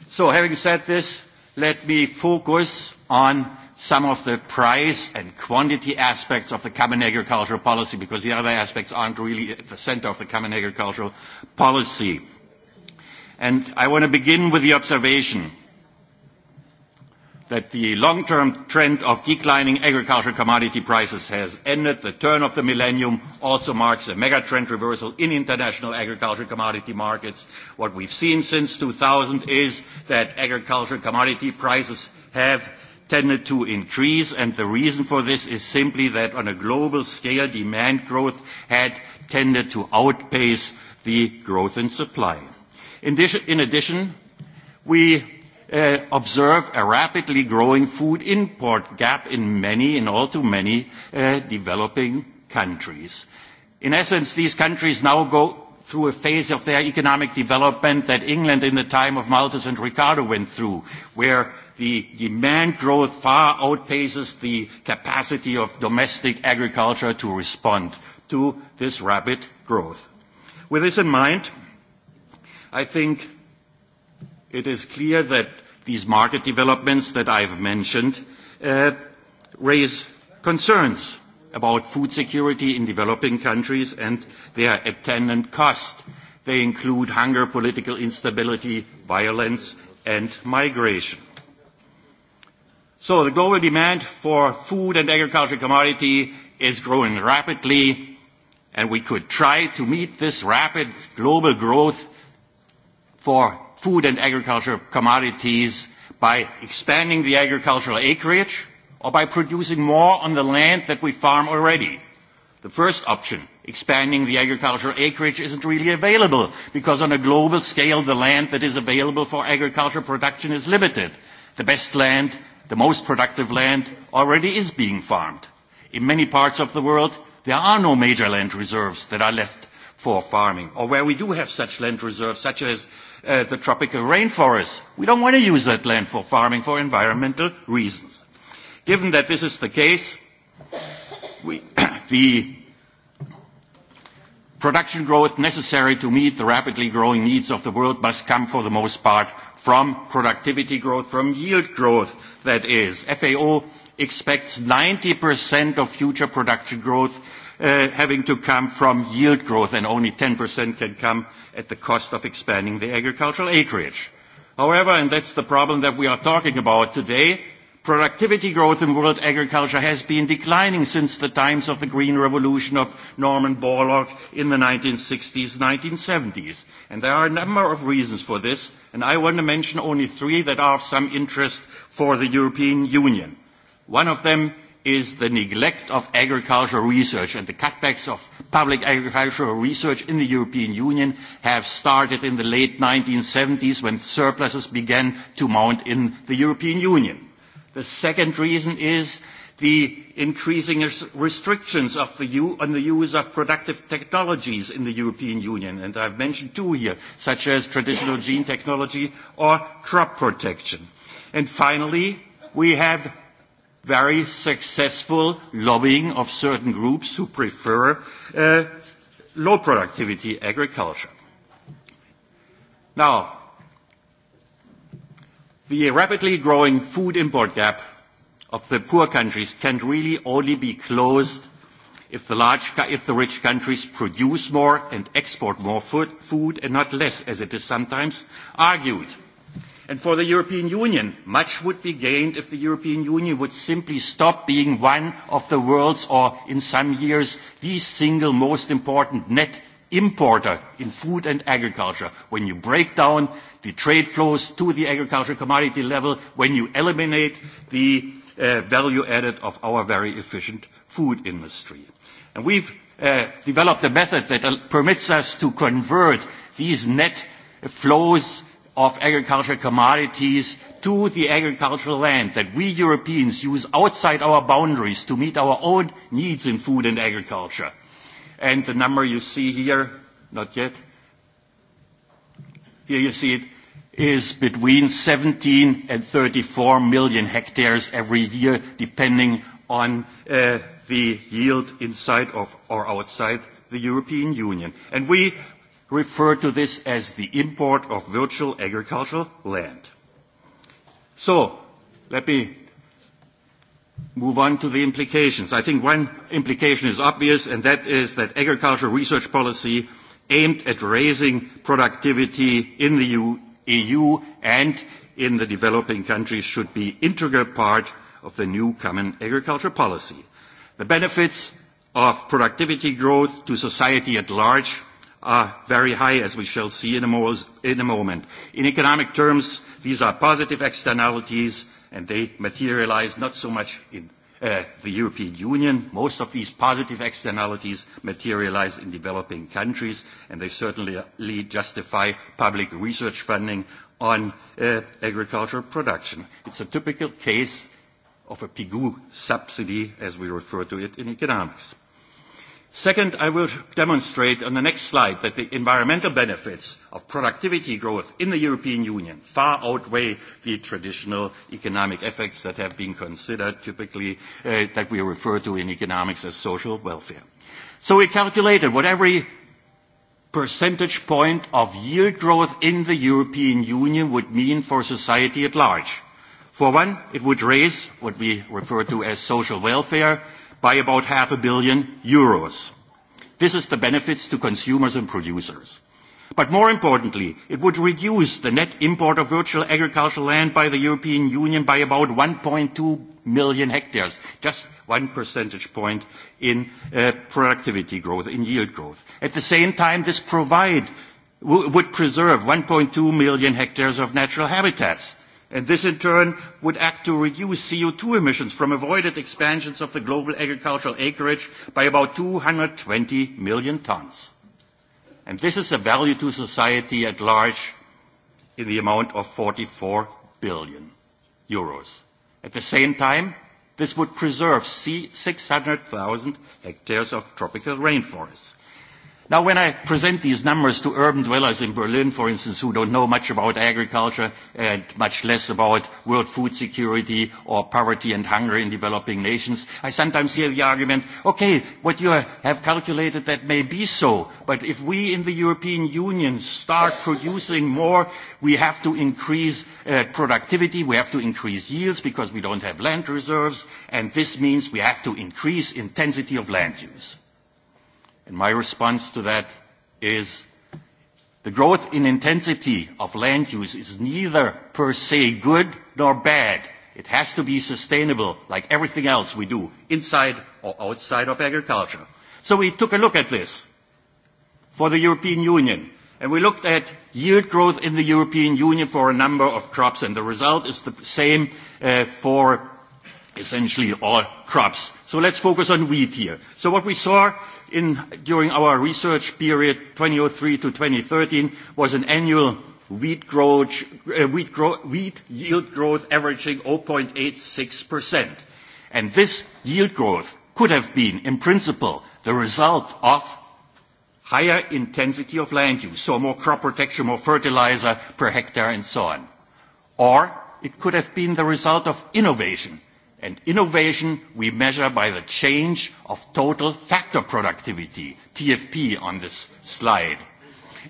So having said this, let me focus on some of the price and quantity aspects of the common agricultural policy because the other aspects aren't really at the center of the common agricultural policy. And I want to begin with the observation that the long-term trend of declining agricultural commodity prices has ended. The turn of the millennium also marks a mega trend reversal in international agricultural commodity markets. What we've seen since 2000 is that agricultural commodity prices have tended to increase, and the reason for this is simply that on a global scale, demand growth had tended to outpace the growth in supply. In addition, in addition we uh, observe a rapidly growing food import gap in many, in all too many, uh, developing countries. In essence, these countries now go through a phase of their economic development that England in the time of Malthus and Ricardo went through, where the demand growth far outpaces the capacity of domestic agriculture to respond to this rapid growth. With this in mind, I think it is clear that these market developments that I've mentioned uh, raise concerns about food security in developing countries and their attendant cost. They include hunger, political instability, violence and migration. So the global demand for food and agricultural commodity is growing rapidly and we could try to meet this rapid global growth for food and agricultural commodities by expanding the agricultural acreage or by producing more on the land that we farm already. The first option, expanding the agricultural acreage, isn't really available because on a global scale the land that is available for agricultural production is limited. The best land, the most productive land already is being farmed. In many parts of the world there are no major land reserves that are left for farming or where we do have such land reserves such as uh, the tropical rainforests. We don't want to use that land for farming for environmental reasons. Given that this is the case, we, the production growth necessary to meet the rapidly growing needs of the world must come for the most part from productivity growth, from yield growth, that is. FAO expects 90% of future production growth uh, having to come from yield growth and only 10% can come at the cost of expanding the agricultural acreage. However, and that's the problem that we are talking about today, Productivity growth in world agriculture has been declining since the times of the Green Revolution of Norman Borlaug in the 1960s, 1970s. And there are a number of reasons for this, and I want to mention only three that are of some interest for the European Union. One of them is the neglect of agricultural research and the cutbacks of public agricultural research in the European Union have started in the late 1970s when surpluses began to mount in the European Union. The second reason is the increasing restrictions of the U on the use of productive technologies in the European Union, and I've mentioned two here, such as traditional gene technology or crop protection. And finally, we have very successful lobbying of certain groups who prefer uh, low productivity agriculture. Now, The rapidly growing food import gap of the poor countries can really only be closed if the, large, if the rich countries produce more and export more food, food and not less, as it is sometimes argued. And for the European Union, much would be gained if the European Union would simply stop being one of the world's, or in some years, the single most important net importer in food and agriculture. When you break down the trade flows to the agricultural commodity level when you eliminate the uh, value added of our very efficient food industry. And we've uh, developed a method that permits us to convert these net flows of agricultural commodities to the agricultural land that we Europeans use outside our boundaries to meet our own needs in food and agriculture. And the number you see here, not yet, here you see it, is between 17 and 34 million hectares every year, depending on uh, the yield inside of or outside the European Union. And we refer to this as the import of virtual agricultural land. So, let me move on to the implications. I think one implication is obvious, and that is that agricultural research policy aimed at raising productivity in the EU EU and in the developing countries should be integral part of the new common agricultural policy. The benefits of productivity growth to society at large are very high, as we shall see in a, mo in a moment. In economic terms, these are positive externalities, and they materialize not so much in uh, the European Union. Most of these positive externalities materialize in developing countries, and they certainly justify public research funding on uh, agricultural production. It's a typical case of a PIGU subsidy, as we refer to it in economics. Second, I will demonstrate on the next slide that the environmental benefits of productivity growth in the European Union far outweigh the traditional economic effects that have been considered typically uh, that we refer to in economics as social welfare. So we calculated what every percentage point of yield growth in the European Union would mean for society at large. For one, it would raise what we refer to as social welfare by about half a billion euros. This is the benefits to consumers and producers. But more importantly, it would reduce the net import of virtual agricultural land by the European Union by about 1.2 million hectares, just one percentage point in uh, productivity growth, in yield growth. At the same time, this provide, w would preserve 1.2 million hectares of natural habitats And this in turn would act to reduce CO2 emissions from avoided expansions of the global agricultural acreage by about 220 million tons. And this is a value to society at large in the amount of 44 billion euros. At the same time, this would preserve 600,000 hectares of tropical rainforests. Now, when I present these numbers to urban dwellers in Berlin, for instance, who don't know much about agriculture and much less about world food security or poverty and hunger in developing nations, I sometimes hear the argument, okay, what you have calculated, that may be so, but if we in the European Union start producing more, we have to increase uh, productivity, we have to increase yields because we don't have land reserves, and this means we have to increase intensity of land use. And my response to that is the growth in intensity of land use is neither per se good nor bad. It has to be sustainable like everything else we do inside or outside of agriculture. So we took a look at this for the European Union and we looked at yield growth in the European Union for a number of crops and the result is the same uh, for essentially all crops. So let's focus on wheat here. So what we saw in, during our research period 2003 to 2013 was an annual wheat, growth, uh, wheat, grow, wheat yield growth averaging 0.86%. And this yield growth could have been, in principle, the result of higher intensity of land use, so more crop protection, more fertilizer per hectare and so on. Or it could have been the result of innovation, And innovation we measure by the change of total factor productivity, TFP on this slide.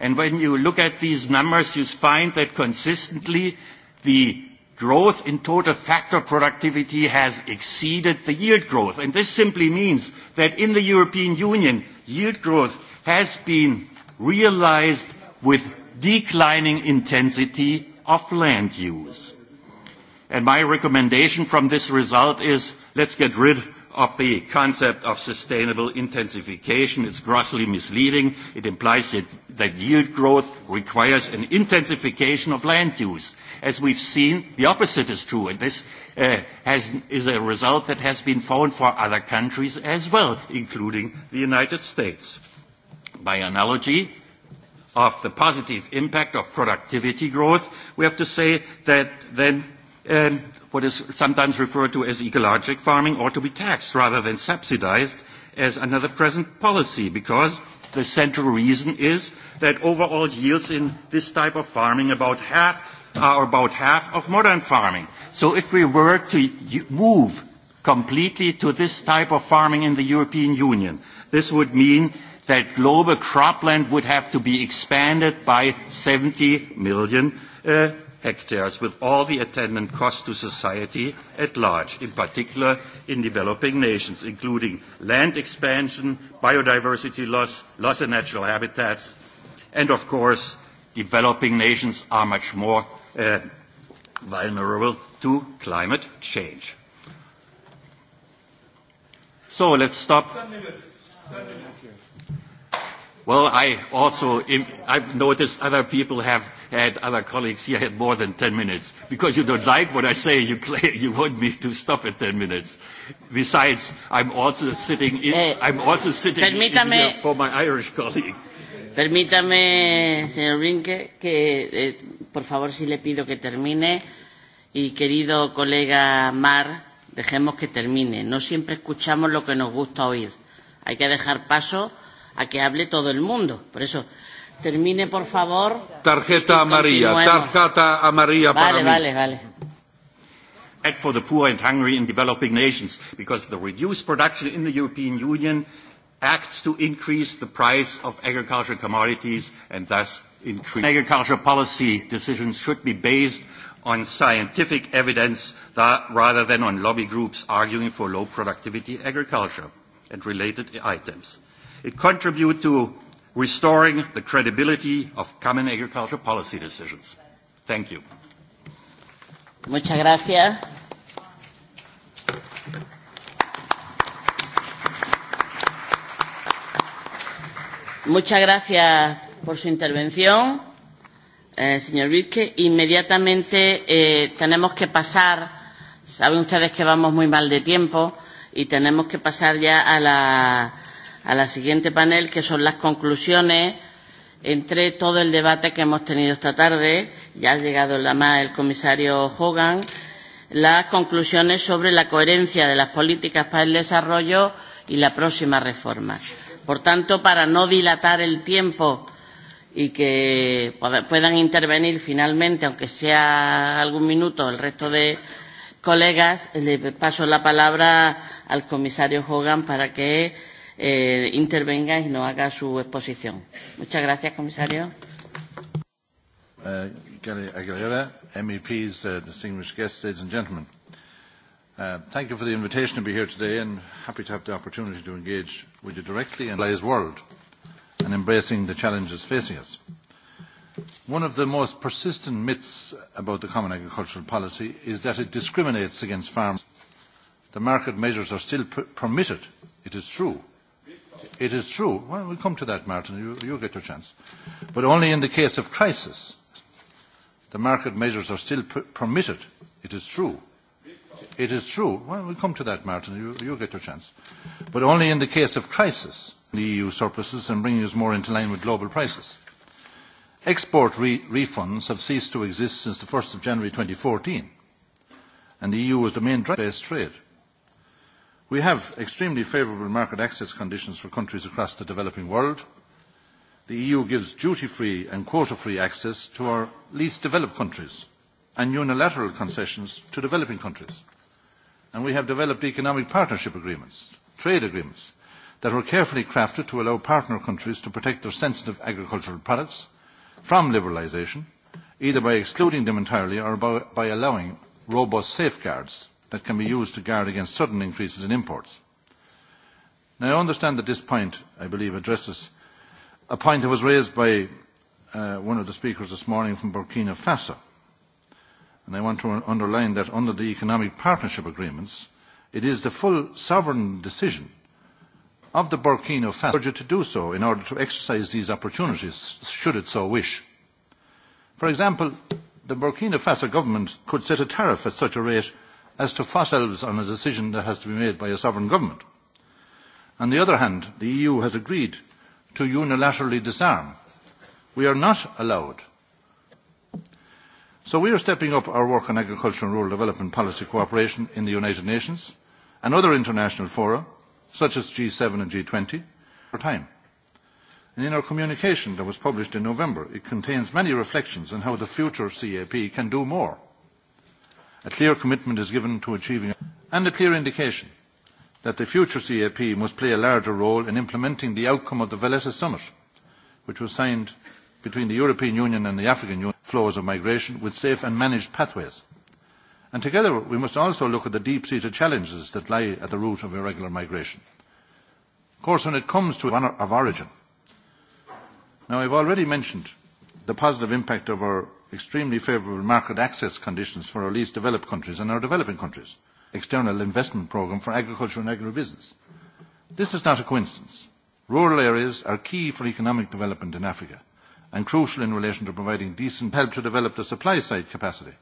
And when you look at these numbers, you find that consistently the growth in total factor productivity has exceeded the yield growth. And this simply means that in the European Union, yield growth has been realized with declining intensity of land use. And my recommendation from this result is let's get rid of the concept of sustainable intensification. It's grossly misleading. It implies that, that yield growth requires an intensification of land use. As we've seen, the opposite is true, and this uh, has, is a result that has been found for other countries as well, including the United States. By analogy of the positive impact of productivity growth, we have to say that then and what is sometimes referred to as ecologic farming ought to be taxed rather than subsidized as another present policy because the central reason is that overall yields in this type of farming about half are about half of modern farming. So if we were to move completely to this type of farming in the European Union, this would mean that global cropland would have to be expanded by 70 million uh, hectares with all the attendant cost to society at large, in particular in developing nations, including land expansion, biodiversity loss, loss of natural habitats, and of course, developing nations are much more uh, vulnerable to climate change. So let's stop. Well, I also, I've noticed other people have had, other colleagues here had more than 10 minutes. Because you don't like what I say, you, claim, you want me to stop at 10 minutes. Besides, I'm also sitting in, eh, I'm also sitting in here for my Irish colleague. Permítame, señor Rinke, que eh, por favor si le pido que termine y querido colega Mar, dejemos que termine. No siempre escuchamos lo que nos gusta oír. Hay que dejar paso a que hable todo el mundo. Por eso, termine, por favor. Tarjeta amarilla, tarjeta amarilla vale, para mí. Vale, vale, vale act for the poor and hungry in developing nations because the reduced production in the European Union acts to increase the price of agricultural commodities and thus increase. Agricultural policy decisions should be based on scientific evidence that, rather than on lobby groups arguing for low productivity agriculture and related items. It contribute to restoring the credibility of common agricultural policy decisions. Thank you. Muchas gracias. Muchas gracias por su intervención, eh, señor Virke. Inmediatamente eh, tenemos que pasar, saben ustedes que vamos muy mal de tiempo, y tenemos que pasar ya a la a la siguiente panel, que son las conclusiones entre todo el debate que hemos tenido esta tarde, ya ha llegado la más el comisario Hogan, las conclusiones sobre la coherencia de las políticas para el desarrollo y la próxima reforma. Por tanto, para no dilatar el tiempo y que puedan intervenir finalmente, aunque sea algún minuto, el resto de colegas, le paso la palabra al comisario Hogan para que eh, intervenga y no haga su exposición. Muchas gracias, comisario. Uh, Aguilera, MEPs, uh, distinguished guests, ladies and gentlemen. Uh, thank you for the invitation to be here today and happy to have the opportunity to engage with you directly in the world and embracing the challenges facing us. One of the most persistent myths about the common agricultural policy is that it discriminates against farmers. The market measures are still permitted, it is true, It is true. Well, we'll come to that, Martin. You, you'll get your chance. But only in the case of crisis. The market measures are still pr permitted. It is true. It is true. Well, we'll come to that, Martin. You, you'll get your chance. But only in the case of crisis, the EU surpluses and bringing us more into line with global prices. Export re refunds have ceased to exist since the 1st of January 2014, and the EU was the main driver of trade. We have extremely favourable market access conditions for countries across the developing world. The EU gives duty-free and quota-free access to our least developed countries and unilateral concessions to developing countries. And we have developed economic partnership agreements, trade agreements, that were carefully crafted to allow partner countries to protect their sensitive agricultural products from liberalisation, either by excluding them entirely or by, by allowing robust safeguards that can be used to guard against sudden increases in imports. Now, I understand that this point, I believe, addresses a point that was raised by uh, one of the speakers this morning from Burkina Faso. And I want to underline that under the economic partnership agreements, it is the full sovereign decision of the Burkina Faso to do so in order to exercise these opportunities, should it so wish. For example, the Burkina Faso government could set a tariff at such a rate as to fossils on a decision that has to be made by a sovereign government. On the other hand, the EU has agreed to unilaterally disarm. We are not allowed. So we are stepping up our work on agricultural and rural development policy cooperation in the United Nations and other international fora, such as G7 and G20, for time. And in our communication that was published in November, it contains many reflections on how the future CAP can do more – A clear commitment is given to achieving and a clear indication that the future CAP must play a larger role in implementing the outcome of the Valletta Summit, which was signed between the European Union and the African Union, flows of migration with safe and managed pathways. And together we must also look at the deep-seated challenges that lie at the root of irregular migration. Of course, when it comes to honour of origin, now I've already mentioned the positive impact of our extremely favourable market access conditions for our least developed countries and our developing countries, external investment programme for agriculture and agribusiness. This is not a coincidence. Rural areas are key for economic development in Africa and crucial in relation to providing decent help to develop the supply side capacity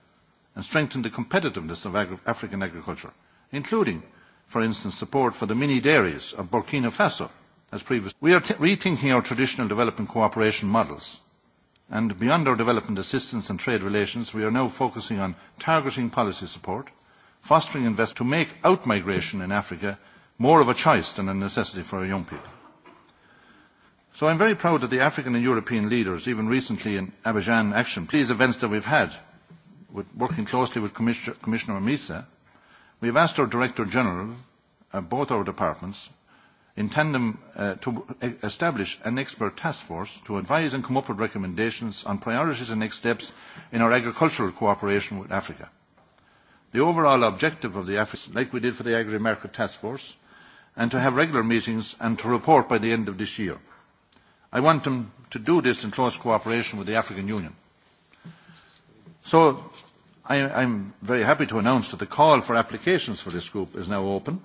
and strengthen the competitiveness of agri African agriculture, including, for instance, support for the mini dairies of Burkina Faso, as previously. We are rethinking our traditional development cooperation models And beyond our development assistance and trade relations, we are now focusing on targeting policy support, fostering investment to make out-migration in Africa more of a choice than a necessity for our young people. So I'm very proud that the African and European leaders, even recently in Abidjan Action, please events that we've had, with working closely with Commissioner, Commissioner Misa, we have asked our Director General of both our departments in tandem uh, to e-, establish an expert task force to advise and come up with recommendations on priorities and next steps in our agricultural cooperation with Africa. The overall objective of the is like we did for the Agri-Market Task Force, and to have regular meetings and to report by the end of this year. I want them to do this in close cooperation with the African Union. So I, I'm very happy to announce that the call for applications for this group is now open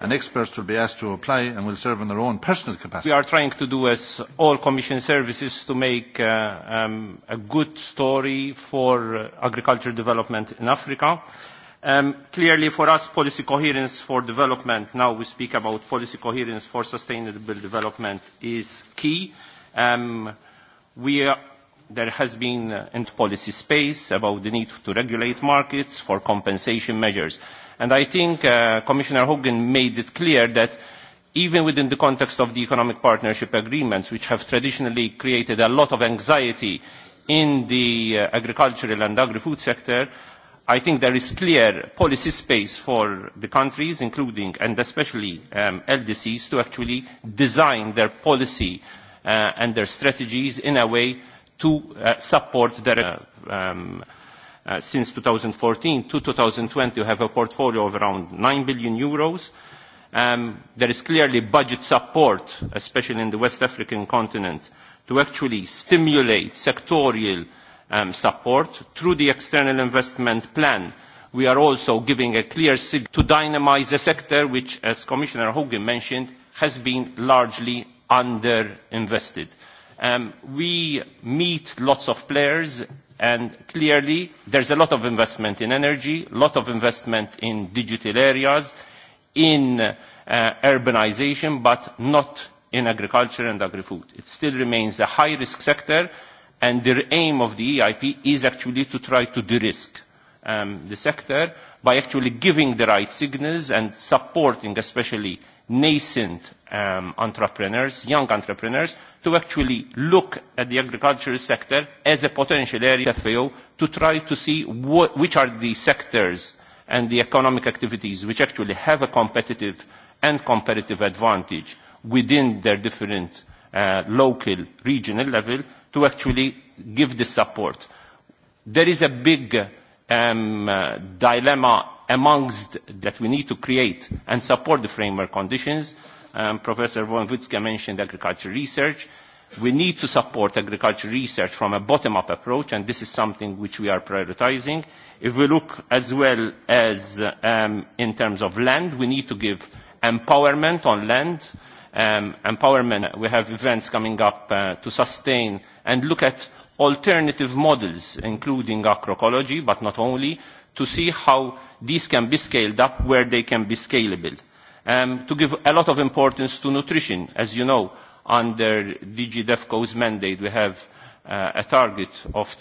and experts will be asked to apply and will serve in their own personal capacity. We are trying to do as all Commission services to make uh, um, a good story for uh, agriculture development in Africa. Um, clearly for us policy coherence for development, now we speak about policy coherence for sustainable development is key. Um, we are, there has been uh, in policy space about the need to regulate markets for compensation measures. And I think uh, Commissioner Hogan made it clear that even within the context of the economic partnership agreements, which have traditionally created a lot of anxiety in the uh, agricultural and agri-food sector, I think there is clear policy space for the countries, including and especially um, LDCs, to actually design their policy uh, and their strategies in a way to uh, support their uh, um, Uh, since 2014 to 2020 we have a portfolio of around 9 billion euros. Um, there is clearly budget support, especially in the West African continent, to actually stimulate sectorial um, support through the external investment plan. We are also giving a clear signal to dynamize a sector which, as Commissioner Hogan mentioned, has been largely underinvested. Um, we meet lots of players and clearly there's a lot of investment in energy, a lot of investment in digital areas, in uh, urbanization, but not in agriculture and agri-food. It still remains a high-risk sector, and the aim of the EIP is actually to try to de-risk um, the sector by actually giving the right signals and supporting especially nascent um, entrepreneurs, young entrepreneurs, to actually look at the agricultural sector as a potential area of FAO to try to see what, which are the sectors and the economic activities which actually have a competitive and comparative advantage within their different uh, local, regional level to actually give the support. There is a big um, uh, dilemma amongst that we need to create and support the framework conditions um, Professor von Witzke mentioned agriculture research. We need to support agriculture research from a bottom-up approach, and this is something which we are prioritizing. If we look as well as um, in terms of land, we need to give empowerment on land. Um, empowerment, we have events coming up uh, to sustain and look at alternative models, including agroecology, but not only, to see how these can be scaled up where they can be scalable um, to give a lot of importance to nutrition. As you know, under DG DEFCO's mandate, we have uh, a target of